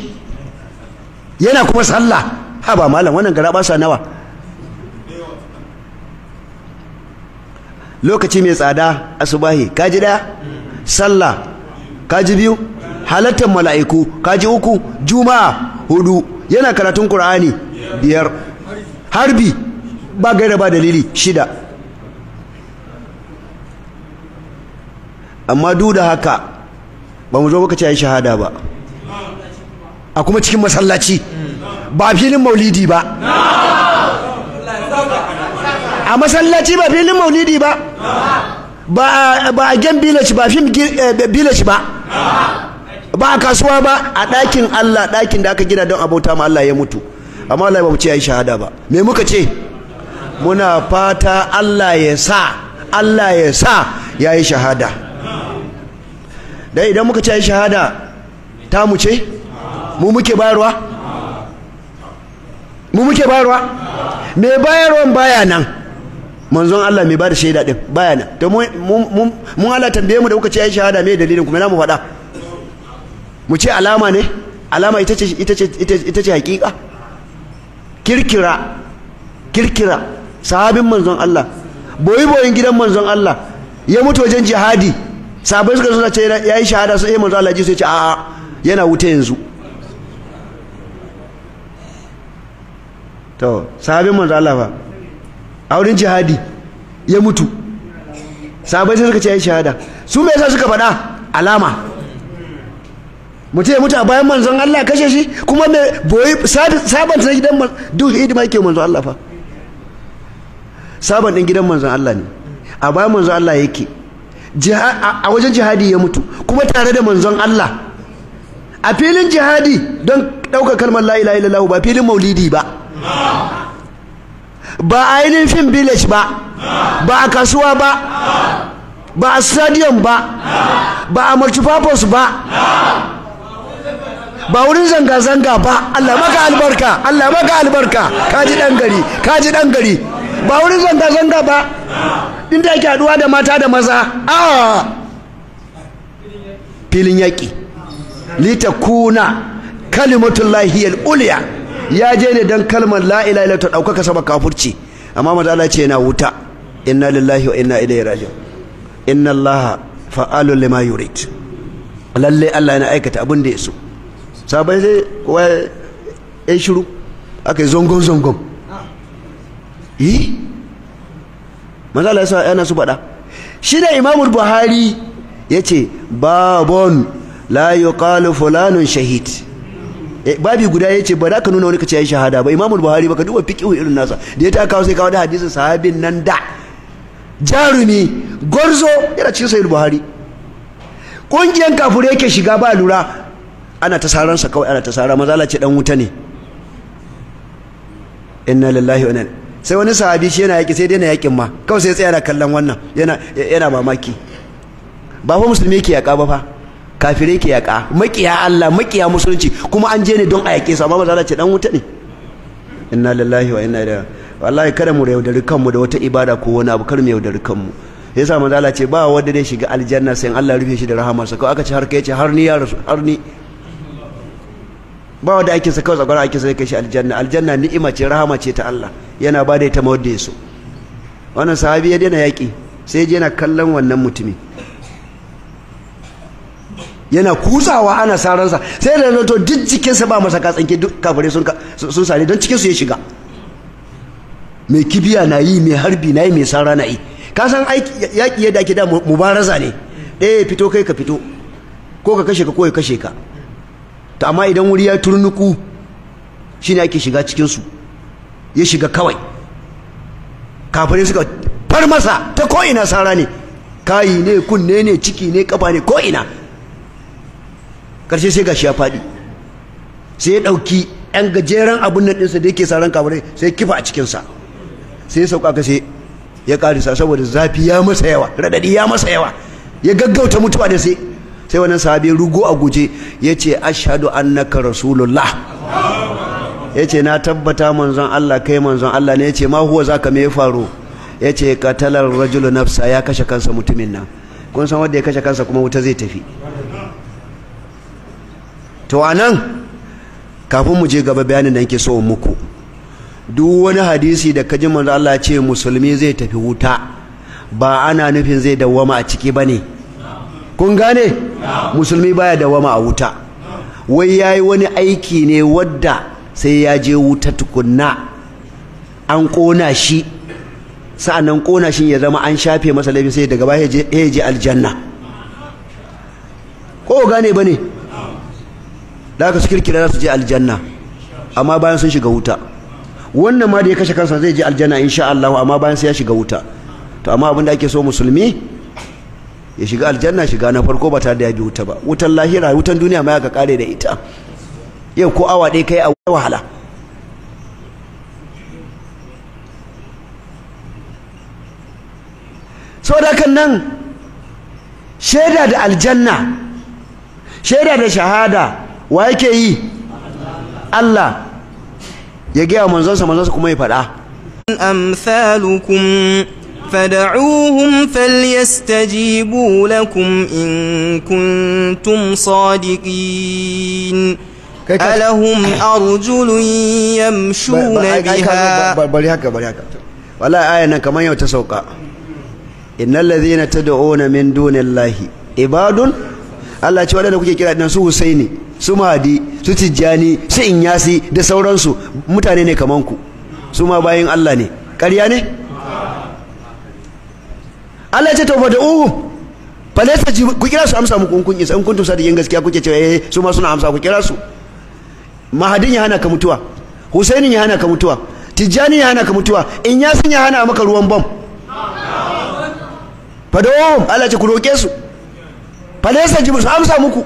yana kuma sallah ha ba malam wannan gara ba sa nawa lokaci mai tsada a subahi kaji daya sallah kaji biyu halattar mala'iku kaji uku juma'a hudu yana karatun qur'ani biyar harbi ba gaira ba dalili shida amma duk da haka ba mu zo baka ce shahada ba a kuma cikin masallaci ba filin maulidi ba a masallaci ba filin maulidi ba ba a gen bilaci ba fim bilaci eh, ba ba a kasuwa ba a ɗakin Allah ɗakin da aka gina don abota ma Allah ya mutu amma Allah ba mu ce yi shahada ba me muka ce muna fata Allah ya sa Allah ya sa ya yi shahada dai idan muka ce yi shahada ta mu ce mu muke bayarwa mu muke bayarwa me bayarwan baya nan manzon Allah mai bada shaida din baya nan to mun Allah tambaye mu da kuka ce ai shahada mai dalilin kuma na mu faɗa mu ce alama ne alama ita ce ita ce ita ce hakika kirkira kirkira sahabin manzon Allah boyi boyin gidan manzon Allah ya mutu wajen jihadi sabai suka suna ce yayi shahada sai manzon Allah ji sai ce a'a yana wuta yanzu to sahabin manzon Allah ba a wurin jihadi ya mutu sabai sai suka ce ya shahada su me yasa suka faɗa alama mutu ya mutu a bayan manzon Allah kashe shi kuma me boyi sabon na gidan duk hidima yake manzon Allah fa sabon din gidan manzon Allah ne a bayan manzon Allah yake a wajen jihadi ya mutu kuma tare da manzon Allah a filin jihadi don ɗaukar kalmar la ilaha illallah ba filin maulidi ba ba a ainihin film village ba ba a kasuwa ba ba a stadium ba ba a multipurpose ba ba wurin zanga-zanga ba Allah maka albarka Allah maka albarka kaji dan gari kaji dan gari ba wurin zanga-zanga ba inda yake haduwa da mata da maza a filin yaƙi litakuna kalimatullahi al ulya. ya je ne dan kalmar la'ila ila ta daukaka sama kafurci amma manzo Allah ce yana wuta inna lillahi wa inna ilaihi raji'un inna allaha fa'alun lima yurid lalle Allah yana aikata abin da ya so sabai sai kowa ya shiru aka yi zongon zongon yi manzo Allah yana su faɗa shi da imamul buhari ya ce babon la yuqalu fulanun shahid Eh, babi guda ya ce ba za ka nuna wani kace ya yi shahada ba imamul buhari ba ka duba fiqihu irin nasa da ya ta kawo sai kawo da hadisin sahabin nan da jarumi gorzo yana cikin sayar buhari ƙungiyar kafure yake shiga ba lura ana ta saransa kawai ana ta sara mazala ce dan wuta ne inna lillahi wa inna sai wani sahabi shi yana yaki sai dai na yakin ma kawai sai ya tsaya da kallon wannan yana yana mamaki ba fa musulmi yake yaka ba fa kafirai ke yaƙa maƙiya Allah maƙiya musulunci kuma an je ne don a yaƙe su amma maza ce dan wuta ne inna lillahi wa inna ilaihi wallahi kada mu yaudari kanmu da wata ibada ko wani abu kar mu yaudari kanmu yasa manzo Allah ce ba wanda zai shiga aljanna sai Allah rufe shi da rahamarsa kawai aka ce har kai ce har ni ya rasu har ni ba wanda ake sa kawai tsagwara ake sa kai shi aljanna aljanna ni'ima ce rahama ce ta Allah yana ba da ita ma ya so wannan sahabi ya daina yaƙi sai je yana kallon wannan mutumin yana kutsawa ana saransa sai da zato duk jikinsa ba masa katsanke duk kafare sun sare don cikinsu ya shiga mai kibiya na yi mai harbi na yi mai sara na yi ka san yaƙi yadda ake da mubaraza ne ɗaya eh, fito kai ka fito ko ka kashe ka ko ya kashe ka to amma idan wuri ya turnuku shine ake shiga cikinsu ya shiga kawai kafare suka far masa ta ko'ina sara ne kayi ne kunne ne ciki ne kafa ne ko'ina karshe sai gashi ya fadi sai ya ɗauki yan gajeren abun nan ɗinsa da yake sa ran kabarai sai kifa a cikinsa sai ya sauka ka sai ya karisa saboda zafi ya masa yawa raɗaɗi ya masa yawa ya gaggauta mutuwa da sai sai wannan sahabi rugo a guje ya ce ashadu annaka rasulullah ya ce na tabbata manzon Allah kai manzon Allah ne ya ce ma huwa zaka me ya faru ya ce katalar rajulu nafsa ya kashe kansa mutumin nan kun san wanda ya kashe kansa kuma wuta zai tafi to anan kafin mu je gaba bayanin da yake so muku duk wani hadisi da kaji manzo Allah ce musulmi zai tafi wuta ba ana nufin zai dawwama a ciki bane kun gane musulmi baya dawama a wuta wai yayi wani aiki ne wadda sai ya je wuta tukunna an kona shi sa'annan kona shi ya zama an shafe masa laifin sai daga baya ya je aljanna ko gane bane da aka su kirkira za su je aljanna amma bayan sun shiga wuta wannan ma da ya kashe kansa zai je aljanna insha Allah amma bayan sai ya shiga wuta to amma abin da ake so musulmi ya shiga aljanna shiga na farko ba tare da ya bi wuta ba wutan lahira wutan duniya ma ya ka kare da ita yau ko awa ɗaya kai a wahala da kan nan shaida da aljanna shaida da shahada wa yake yi Allah ya gaya manzansa manzansa kuma ya faɗa amsalukum fad'uuhum falyastajibu lakum in kuntum sadiqin alahum arjulun yamshuna biha bari haka bari haka wallahi aya nan kamar yau ta sauka innal ladhina tad'una min dunillahi ibadun Allah ce wadanda kuke kira dan su Husaini su mahadi su tijjani su inyasi da sauransu mutane ne kaman ku su ma bayin Allah ne ƙarya ne Allah ce tawfa da'uhu ji ku kira su amsa muku kun isa in kuntum yin gaskiya kuke cewa eh su ma suna amsa ku kira su mahadin ya hana ka mutuwa husainin ya hana ka mutuwa tijjani ya hana ka mutuwa in ya hana maka ruwan bom fadawum Allah ce ku roke su falasta ji su amsa muku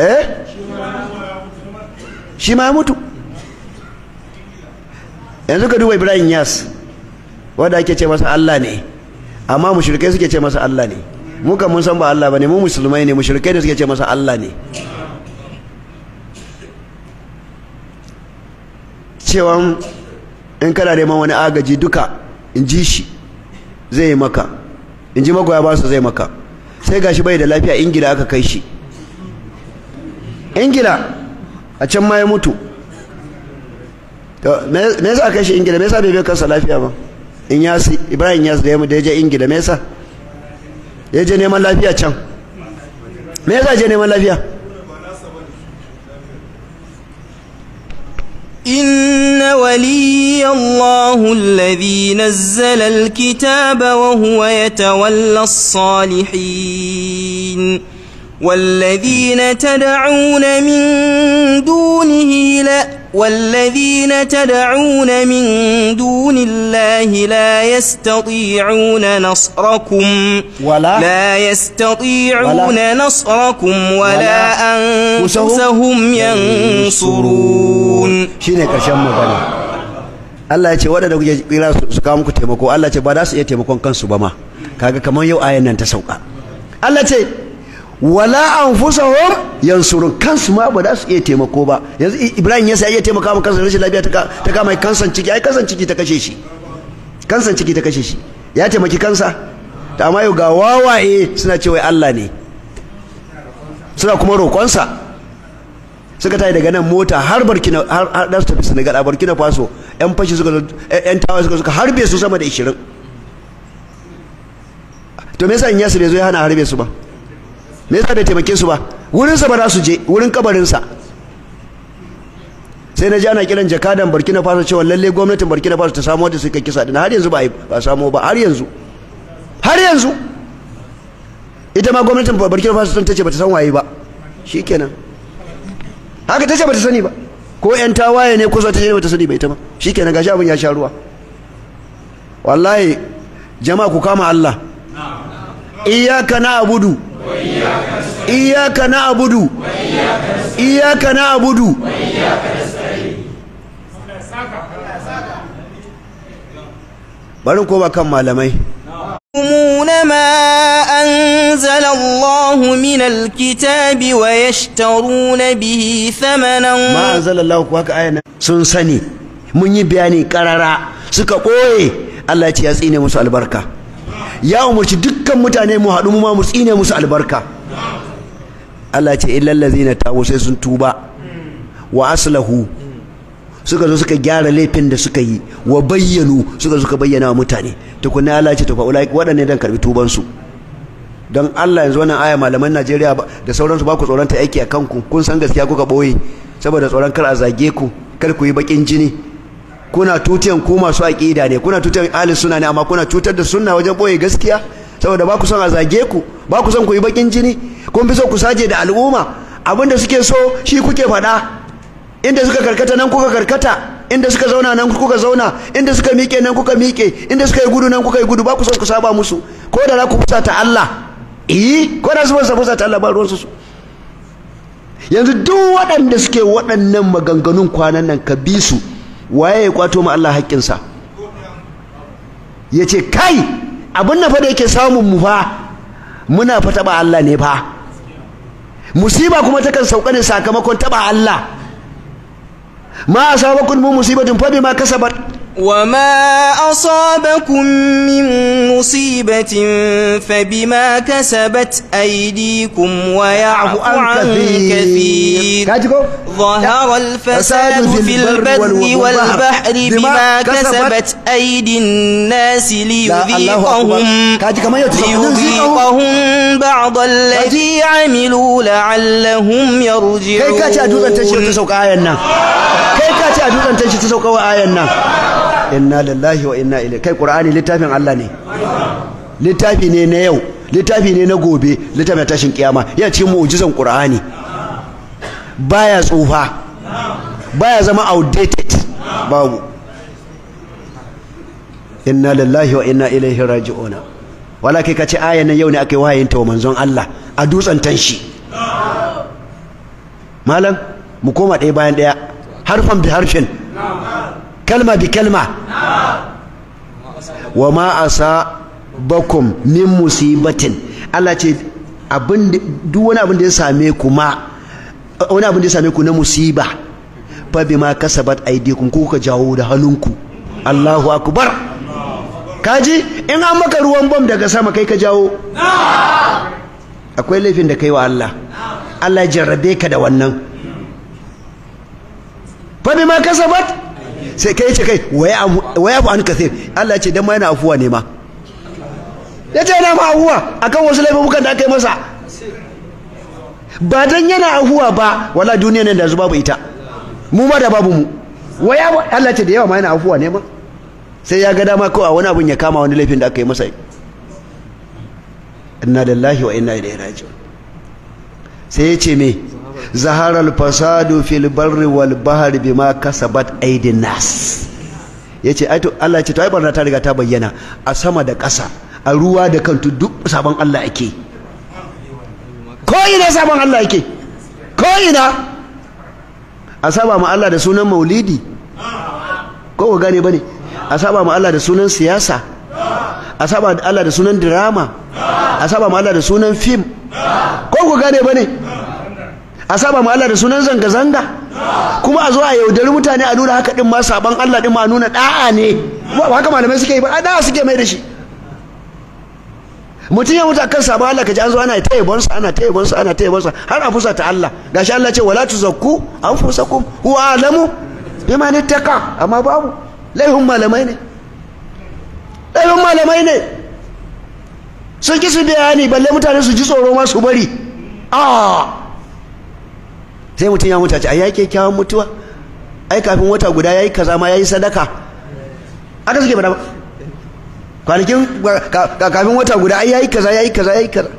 eh shi ma ya mutu yanzu ka duba ibrahim yas wadda ake ce masa allah ne amma mushrikai suke ce masa allah ne mu mun san ba allah ba ne mu musulmai ne mushrikai da suke ce masa allah ne cewa in kana neman wani agaji duka in ji shi zai maka in ji magoya ba su zai maka sai gashi bai da lafiya ingila aka kai shi ingila a can ma ya mutu me yasa kai shi ingila me yasa bai bai kansa lafiya ba in yasi ibrahim yasi da ya je ingila me yasa ya je neman lafiya can me yasa je neman lafiya إن ولي الله الذي نزل الكتاب وهو يتولى الصالحين والذين تدعون من دونه لا والذين تدعون من دون الله لا يستطيعون نصركم ولا لا يستطيعون ولا نصركم ولا Allah ya ce waɗanda kuke kira su kawo muku taimako Allah ce ba za su iya taimakon kansu ba ma kaga kamar yau ayan nan ta sauka Allah wala anfusahum yansurun kansu ma ba za su iya taimako ba yanzu ibrahim ya sai iya taimaka ma kansa rashin lafiya ta kama kansan ciki ai kansan ciki ta kashe shi kansan ciki ta kashe shi ya taimaki kansa ta amma yau ga wawaye suna cewa Allah ne suna kuma roƙonsa suka tayi daga nan mota har barkina har da su tafi Senegal a barkina Faso yan fashi suka eh, yan tawa suka suka harbe su sama da 20 to me yasa in yasu bai zo ya hana harbe su ba me yasa bai taimake su ba wurinsa ba za su je wurin kabarinsa sai na jana ana kiran jakadan burkina faso cewa lalle gwamnatin burkina faso ta samu wanda suka kisa din har yanzu ba ba samu ba har yanzu har yanzu ita ma gwamnatin burkina faso ta ce ba ta san waye ba shikenan haka ta ce ba ta sani ba ko yan tawaye ne kusa ta ce ba ta sani ba ita ma shikenan gashi abin ya sha ruwa wallahi jama'a ku kama Allah iyyaka na'budu Iyaka na abudu. Iyaka na abudu. Bari ko ba kan malamai. an zala Allah min alkita bi wa ya shi na bihi samanan an zala Allah kuwa ka ayyana sun sani mun yi biya ni suka koye Allah ya ce ya tsine musu albarka. ya umarci dukkan mutane mu haɗu mu ma mu tsine musu albarka Allah ce illal ladzina tabu sai sun tuba wa aslahu suka zo suka gyara laifin da suka yi wa bayyanu suka zo suka bayyana wa mutane tukunna Allah ce to fa ulai wadanne dan karbi tuban su don Allah yanzu wannan aya malaman Najeriya da sauransu ba ku tsoranta aiki a kanku kun san gaskiya kuka boye saboda tsoron kar a zage ku kar ku yi bakin jini kuna tutiyan ku masu aqida ne kuna tutiyan ahli sunna ne amma kuna cutar da sunna wajen boye gaskiya saboda ba ku son a zage ku ba ku son ku yi bakin jini kun fi so ku saje da al'umma abinda suke so shi kuke faɗa inda suka karkata nan kuka karkata inda suka zauna nan kuka zauna inda suka miƙe nan kuka miƙe inda suka yi gudu nan kuka yi gudu ba ku son ku saba musu ko da za ku fusa ta Allah eh ko da su ba fusa ta Allah ba ruwan su yanzu duk waɗanda suke waɗannan maganganun kwanan nan ka bi su waye ya kwato ma Allah haƙƙinsa ya ce kai abin na faɗa yake samun mu fa muna fa taɓa Allah ne fa musiba kuma takan sauka ne sakamakon taɓa Allah ma a sabakun mu musibatin fa ma kasabat وما أصابكم من مصيبة فبما كسبت أيديكم ويعفو عن كثير ظهر الفساد في البر والبحر بما كسبت أيدي الناس ليذيقهم ليذيقهم بعض الذي عملوا لعلهم يرجعون كيف كانت أن تنشي آية كيف كانت أدوة تنشي تسوق آية inna lillahi wa inna ilaihi kai qur'ani littafin Allah ne littafi ne na yau littafi ne na gobe littafin tashin kiyama yana cikin mu'jizan qur'ani baya tsufa baya zama outdated babu inna lillahi wa inna ilaihi raji'una walaki kace ayan nan yau ne akai wayin ta wa manzon Allah a dutsen tanshi malam mu koma ɗaya bayan ɗaya harfan bi harfin kalma bi kalma wa ma asa bakum min musibatin Allah ce abin duk wani abin da ya same ku ma wani abin da ya same ku na musiba fa bima kasabat aydikum ku ka jawo da hannunku Allahu akbar kaji in an maka ruwan bom daga sama kai ka jawo akwai laifin da kai wa Allah Allah jarrabe ka da wannan fa bima kasabat sai kai ce kai waya abu an kasir Allah ce dan ma yana afuwa ne ma ya ce yana ma afuwa kan wasu laifukan da aka yi masa ba dan yana afuwa ba wala duniya ne da zuba babu ita mu ma da babu mu waya Allah ce da yawa ma yana afuwa ne ma sai ya ga dama a wani abun ya kama wani laifin da aka yi masa inna lillahi wa inna ilaihi raji'un sai ya ce me zaharar fasadu fil barri wal bahar bima kasabat aidin nas yace ai to Allah ce to ai barna ta riga ta bayyana a sama da ƙasa a ruwa da kan duk sabon Allah ake ko ina sabon Allah ake ko ina a saba mu Allah da sunan maulidi ko ku gane bane a saba mu Allah da sunan siyasa a saba Allah da sunan drama a saba mu Allah da sunan film ko ku gane bane a saba ma Allah da sunan zanga-zanga kuma a zo a yaudari mutane a nuna haka din ma saban Allah din ma nuna da'a ne ba haka malamai suke yi ba da'a suke mai da shi mutum ya mutu akan saban Allah kaji an zo ana ta yabon ana ta ana ta har a fusa ta Allah gashi Allah ce wala tuzakku anfusakum huwa alamu bima taka amma babu laihun malamai ne laihun malamai ne sun ki su bayani balle mutane su ji tsoro ma su bari a ah! sai mutum ya mutu a ce ai kyakkyawan mutuwa ai kafin wata guda ya yi kaza ma ya yi sadaka aka suke ba kwanakin kafin wata guda ai yi kaza yi kaza yi kaza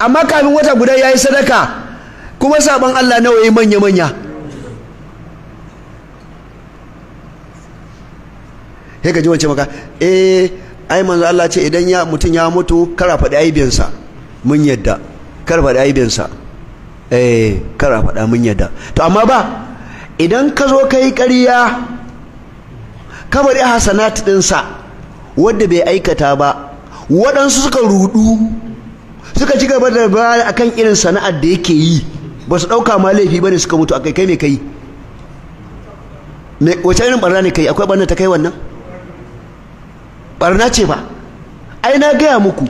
amma kafin wata guda ya yi sadaka kuma sabon Allah nawa yi manya manya sai ka ji wance maka eh ai manzo Allah ce idan ya mutum ya mutu kara faɗi aibinsa mun yadda kar faɗi aibinsa eh kara faɗa mun yadda to amma ba idan ka zo ka yi ƙarya ka bari hasanat ɗinsa wadda bai aikata ba waɗansu suka rudu suka ci gaba da bayani akan irin sana'ar da yake yi ba su ɗauka ma laifi ba ne suka mutu akai kai mai kai wace irin barna ne kai akwai barna ta kai wannan barna ce ba ai na gaya muku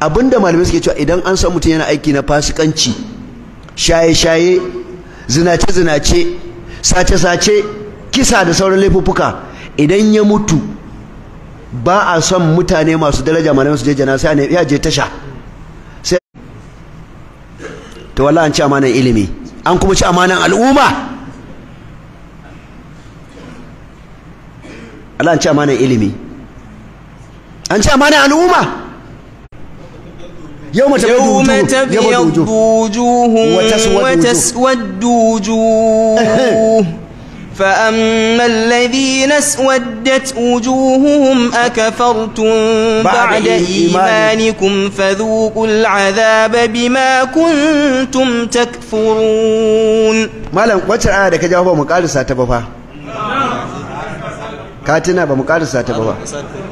abinda malamai suke cewa idan an san mutum yana aiki na fasikanci shaye-shaye zinace-zinace sace-sace kisa da sauran laifuffuka idan ya mutu ba a son mutane masu daraja malamai su je janasa ne ya je tasha sai to wallahi an ci amanan ilimi an kuma ci amanan al'umma Allah an ci amanan ilimi an ci amanan al'umma يوم تبيض وجوه وتسود وجوه فأما الذين اسودت وجوههم أكفرتم بعد إيمانكم فذوقوا العذاب بما كنتم تكفرون مالا وتر آية كجاوبة مقالسة تبفا Katina ba mu karisa ta ba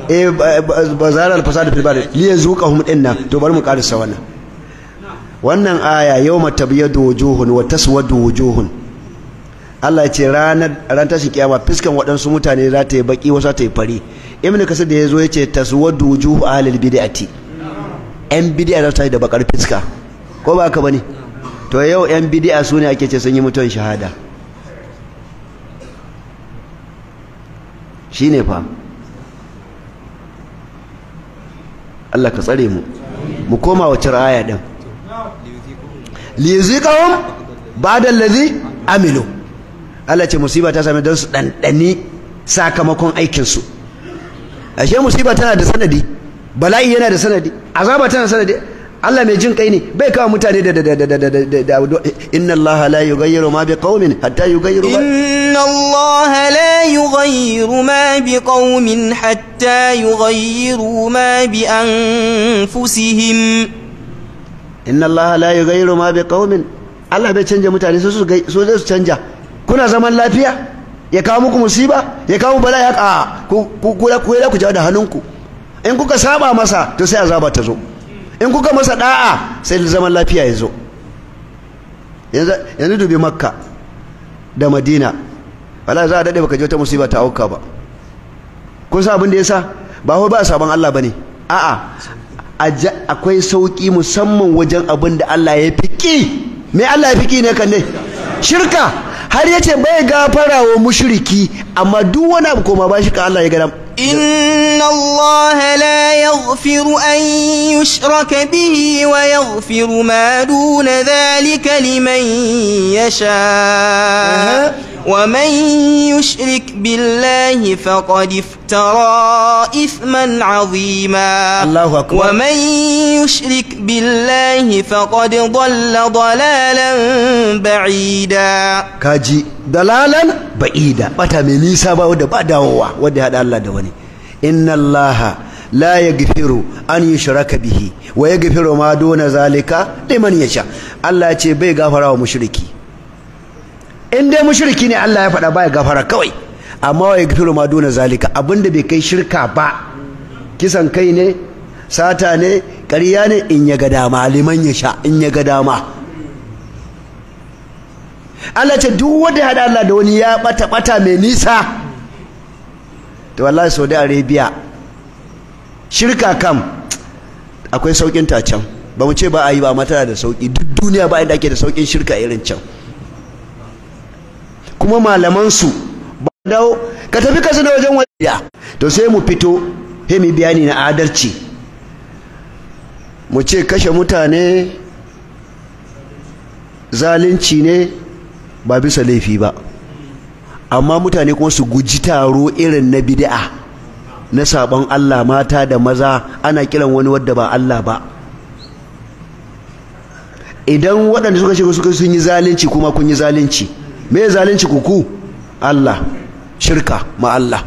eh al fasad fil bari li yazuqahum dinnan to bari mu karisa wannan wannan aya yawma tabyadu wujuhun wa taswadu wujuhun Allah ya ce ranar ran tashi kiyama fiskan waɗansu mutane za ta yi baki wasu ta yi fari Imin kasir da yazo yace taswadu wujuhu ahlil bid'ati yan bid'a za ta yi da bakar fiska ko ba ka bane to yau yan bid'a su ne ake ce sun yi mutuwar shahada shi ne fa Allah ka tsare mu mu koma wa cir aya din liyuzikahum ba'da allazi amilu Allah ce musiba ta same don su ɗanɗani sakamakon aikin su ashe musiba tana da sanadi bala'i yana da sanadi azaba tana da sanadi Allah mai jin kai ne bai kawo mutane da da da da da da da inna Allah la yughayyiru ma qaumin hatta yughayyiru inna Allah la yughayyiru ma qaumin hatta yughayyiru ma bi anfusihim inna Allah la yughayyiru ma qaumin Allah bai canja mutane su su su canja kuna zaman lafiya ya kawo muku musiba ya kawo bala'i a ku ku ku da ku jawo da hannunku in kuka saba masa to sai azaba ta zo in kuka masa da'a sai zaman lafiya ya zo yanzu dubi makka da madina wala za a daɗe baka je wata musiba ta auka ba kun sa abin da ya sa ba ba a sabon Allah ba ne a'a akwai sauƙi musamman wajen abin da Allah ya fi ƙi me Allah ya fi ƙi ne kan ne shirka har yace bai gafara wa mushriki amma duk wani abu koma ba shi ka Allah ya ga إن الله لا يغفر أن يشرك به ويغفر ما دون ذلك لمن يشاء ومن يشرك بالله فقد افترى إثما عظيما الله أكبر ومن يشرك بالله فقد ضل ضلالا بعيدا كاجي ضلالا بعيدا باتا مي نيسا با ودا با هذا الله دواني إن الله لا يغفر أن يشرك به ويغفر ما دون ذلك لمن يشاء الله يجي بي غفرا ومشركي in dai mushriki ne Allah ya faɗa baya gafara kawai amma wa yaghfiru ma duna zalika abinda bai kai shirka ba kisan kai ne sata ne ƙarya ne in ya ga dama liman ya sha in ya ga dama Allah ce duk wanda hada Allah da wani ya bata bata mai nisa to wallahi Saudi Arabia shirka kam akwai saukin ta can ba mu ce ba a yi ba da sauki duk duniya ba inda ake da saukin shirka irin can kuma malaman su ba dawo ka tafi ka sanar wajen waliya to sai mu fito he mi bayani na adalci mu ce kashe mutane zalunci ne ba bisa laifi ba amma mutane kuma su guji taro irin na bid'a na sabon Allah mata da maza ana kiran wani wadda ba Allah ba idan waɗanda suka shiga suka sun yi zalunci kuma kun yi zalunci me zalunci kuku Allah shirka ma Allah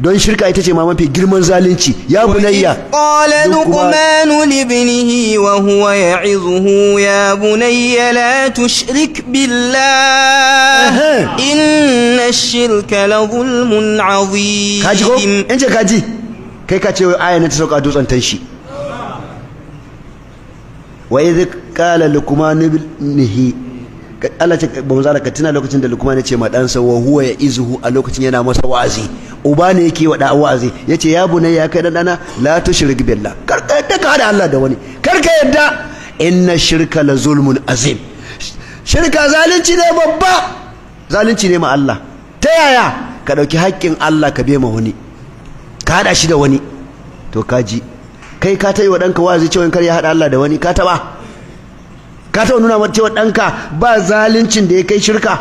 don shirka ita ce ma mafi girman zalunci ya bunayya qala luqman ibnihi wa huwa ya'izuhu ya bunayya la tushrik billah inna ash-shirka la zulmun 'azim kaji ko in kaji kai ka ce ayan ta sauka dutsen tan shi wa idh qala luqman ibnihi Allah ce mu zara ka tuna lokacin da Lukman ya ce ma ɗansa wa huwa ya izuhu a lokacin yana masa wa'azi uba ne yake wada wa'azi yace ya ya kai dana la tushrik billah kar ka yadda ka hada Allah da wani kar ka yadda inna shirka la zulmun azim shirka zalunci ne babba zalunci ne ma Allah ta yaya ka dauki haƙƙin Allah ka bema wani ka hada shi da wani to kaji kai ka tayi wa danka wa'azi cewa kar ya hada Allah da wani ka taba ka taɓa nuna mata cewa ɗanka ba zaluncin da ya kai shirka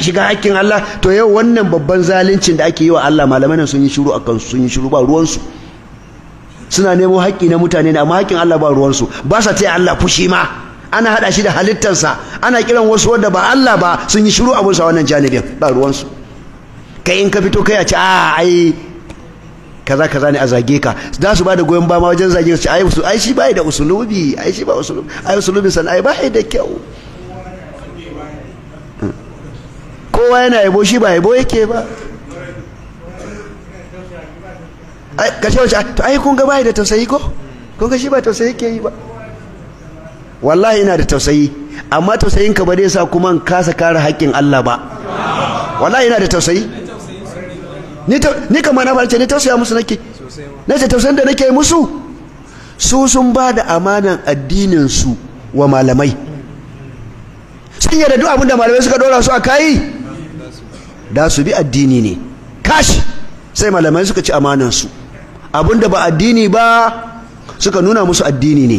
shiga hakkin Allah to yau wannan babban zaluncin da ake yi wa Allah malamai nan sun yi shiru akan sun yi shiru ba ruwansu suna nemo haƙƙi na mutane ne amma haƙƙin Allah ba ruwansu ba sa taya Allah fushi ma ana haɗa shi da halittarsa ana kiran wasu wanda ba Allah ba sun yi shiru abunsa wannan janibin ba ruwansu kai in ka fito kai a ce a ah, ai kaza kaza ne a zage ka za su bada goyon ba ma wajen zage su ai su ai shi bai da usulubi ai shi ba usulubi ai usulubi san ai bai da kyau kowa yana yabo shi ba yabo yake ba ai kashe wace to ai kun ga bai da tausayi ko kun ga shi ba tausayi ke yi ba wallahi ina da tausayi amma tausayin ka ba zai sa kuma kasa kare haƙƙin Allah ba wallahi ina da tausayi ni kama na farce ni tausaya musu nake na ce tausayin da nake musu su sun ba da amanan addininsu wa malamai sun da duk abin da malamai suka dora su a kayi da su bi addini ne kashi sai malamai suka ci amanansu abin da ba addini ba suka nuna musu addini ne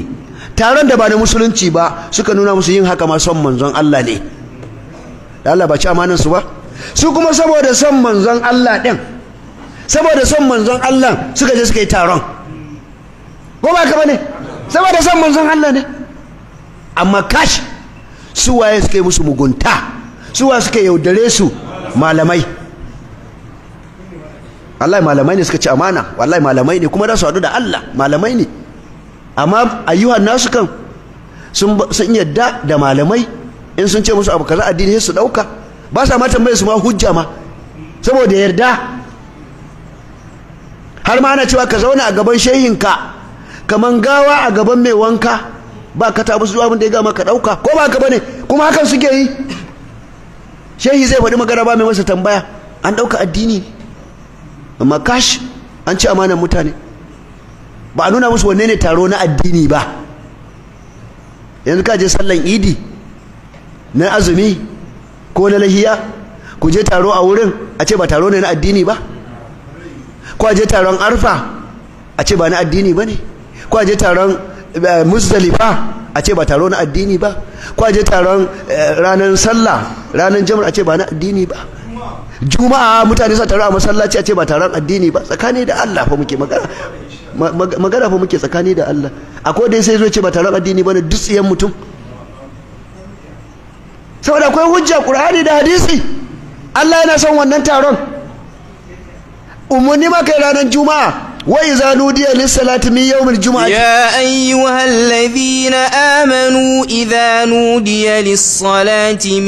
taron da ba na musulunci ba suka nuna musu yin haka ma son manzon Allah ne da Allah ba ci amanansu ba su kuma saboda son manzon Allah ɗin saboda son manzon Allah suka je suka yi taron ko ba ka bane saboda son manzon Allah ne amma kash su waye suka yi musu mugunta su waye suka yaudare su malamai Allah malamai ne suka ci amana wallahi malamai ne kuma za su haɗu da Allah malamai ne amma ayyuhan nasu kan sun yadda da malamai in sun ce musu abu kaza addini sai su ɗauka ba sa ma tambaye su ma hujja ma saboda yarda har ma ana cewa ka zauna a gaban ka kaman gawa a gaban mai wanka ba ka tabu zuwa abin da ya gama ka dauka ko ba ka bane kuma hakan suke yi shehi zai faɗi magana ba mai masa tambaya an dauka addini amma kash an ci amanan mutane ba a nuna musu wanne ne taro na addini ba yanzu ka je sallan idi na azumi ko na lahiya ku je taro a wurin a ce ba taro ne na addini ba ko je taron arfa a ce ba na addini ba ne ko je taron eh, musdalifa a ce ba taro na addini ba ko je taron eh, ranar sallah ranar jamar a ce ba na addini ba juma'a mutane sa taro a masallaci a ce ba taron addini ba tsakani da Allah fa muke magana magana fa muke tsakani da Allah akwai dai sai zo ce ba taron addini ba ne dutsiyan mutum saboda akwai hujja qur'ani da hadisi Allah yana son wannan taron أمني ما كلا الجمعة وإذا نودي للصلاة من يوم الجمعة يا أيها الذين آمنوا إذا نودي للصلاة من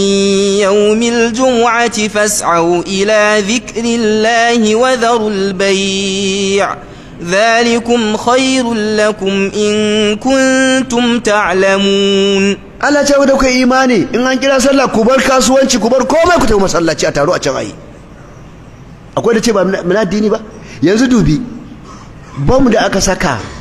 يوم الجمعة فاسعوا إلى ذكر الله وذروا البيع ذلكم خير لكم إن كنتم تعلمون ألا ta كإيماني إن imani in an kira sallah ku bar kasuwanci ku bar komai akwai da ce ba muna addini ba yanzu dubi bomu da aka saka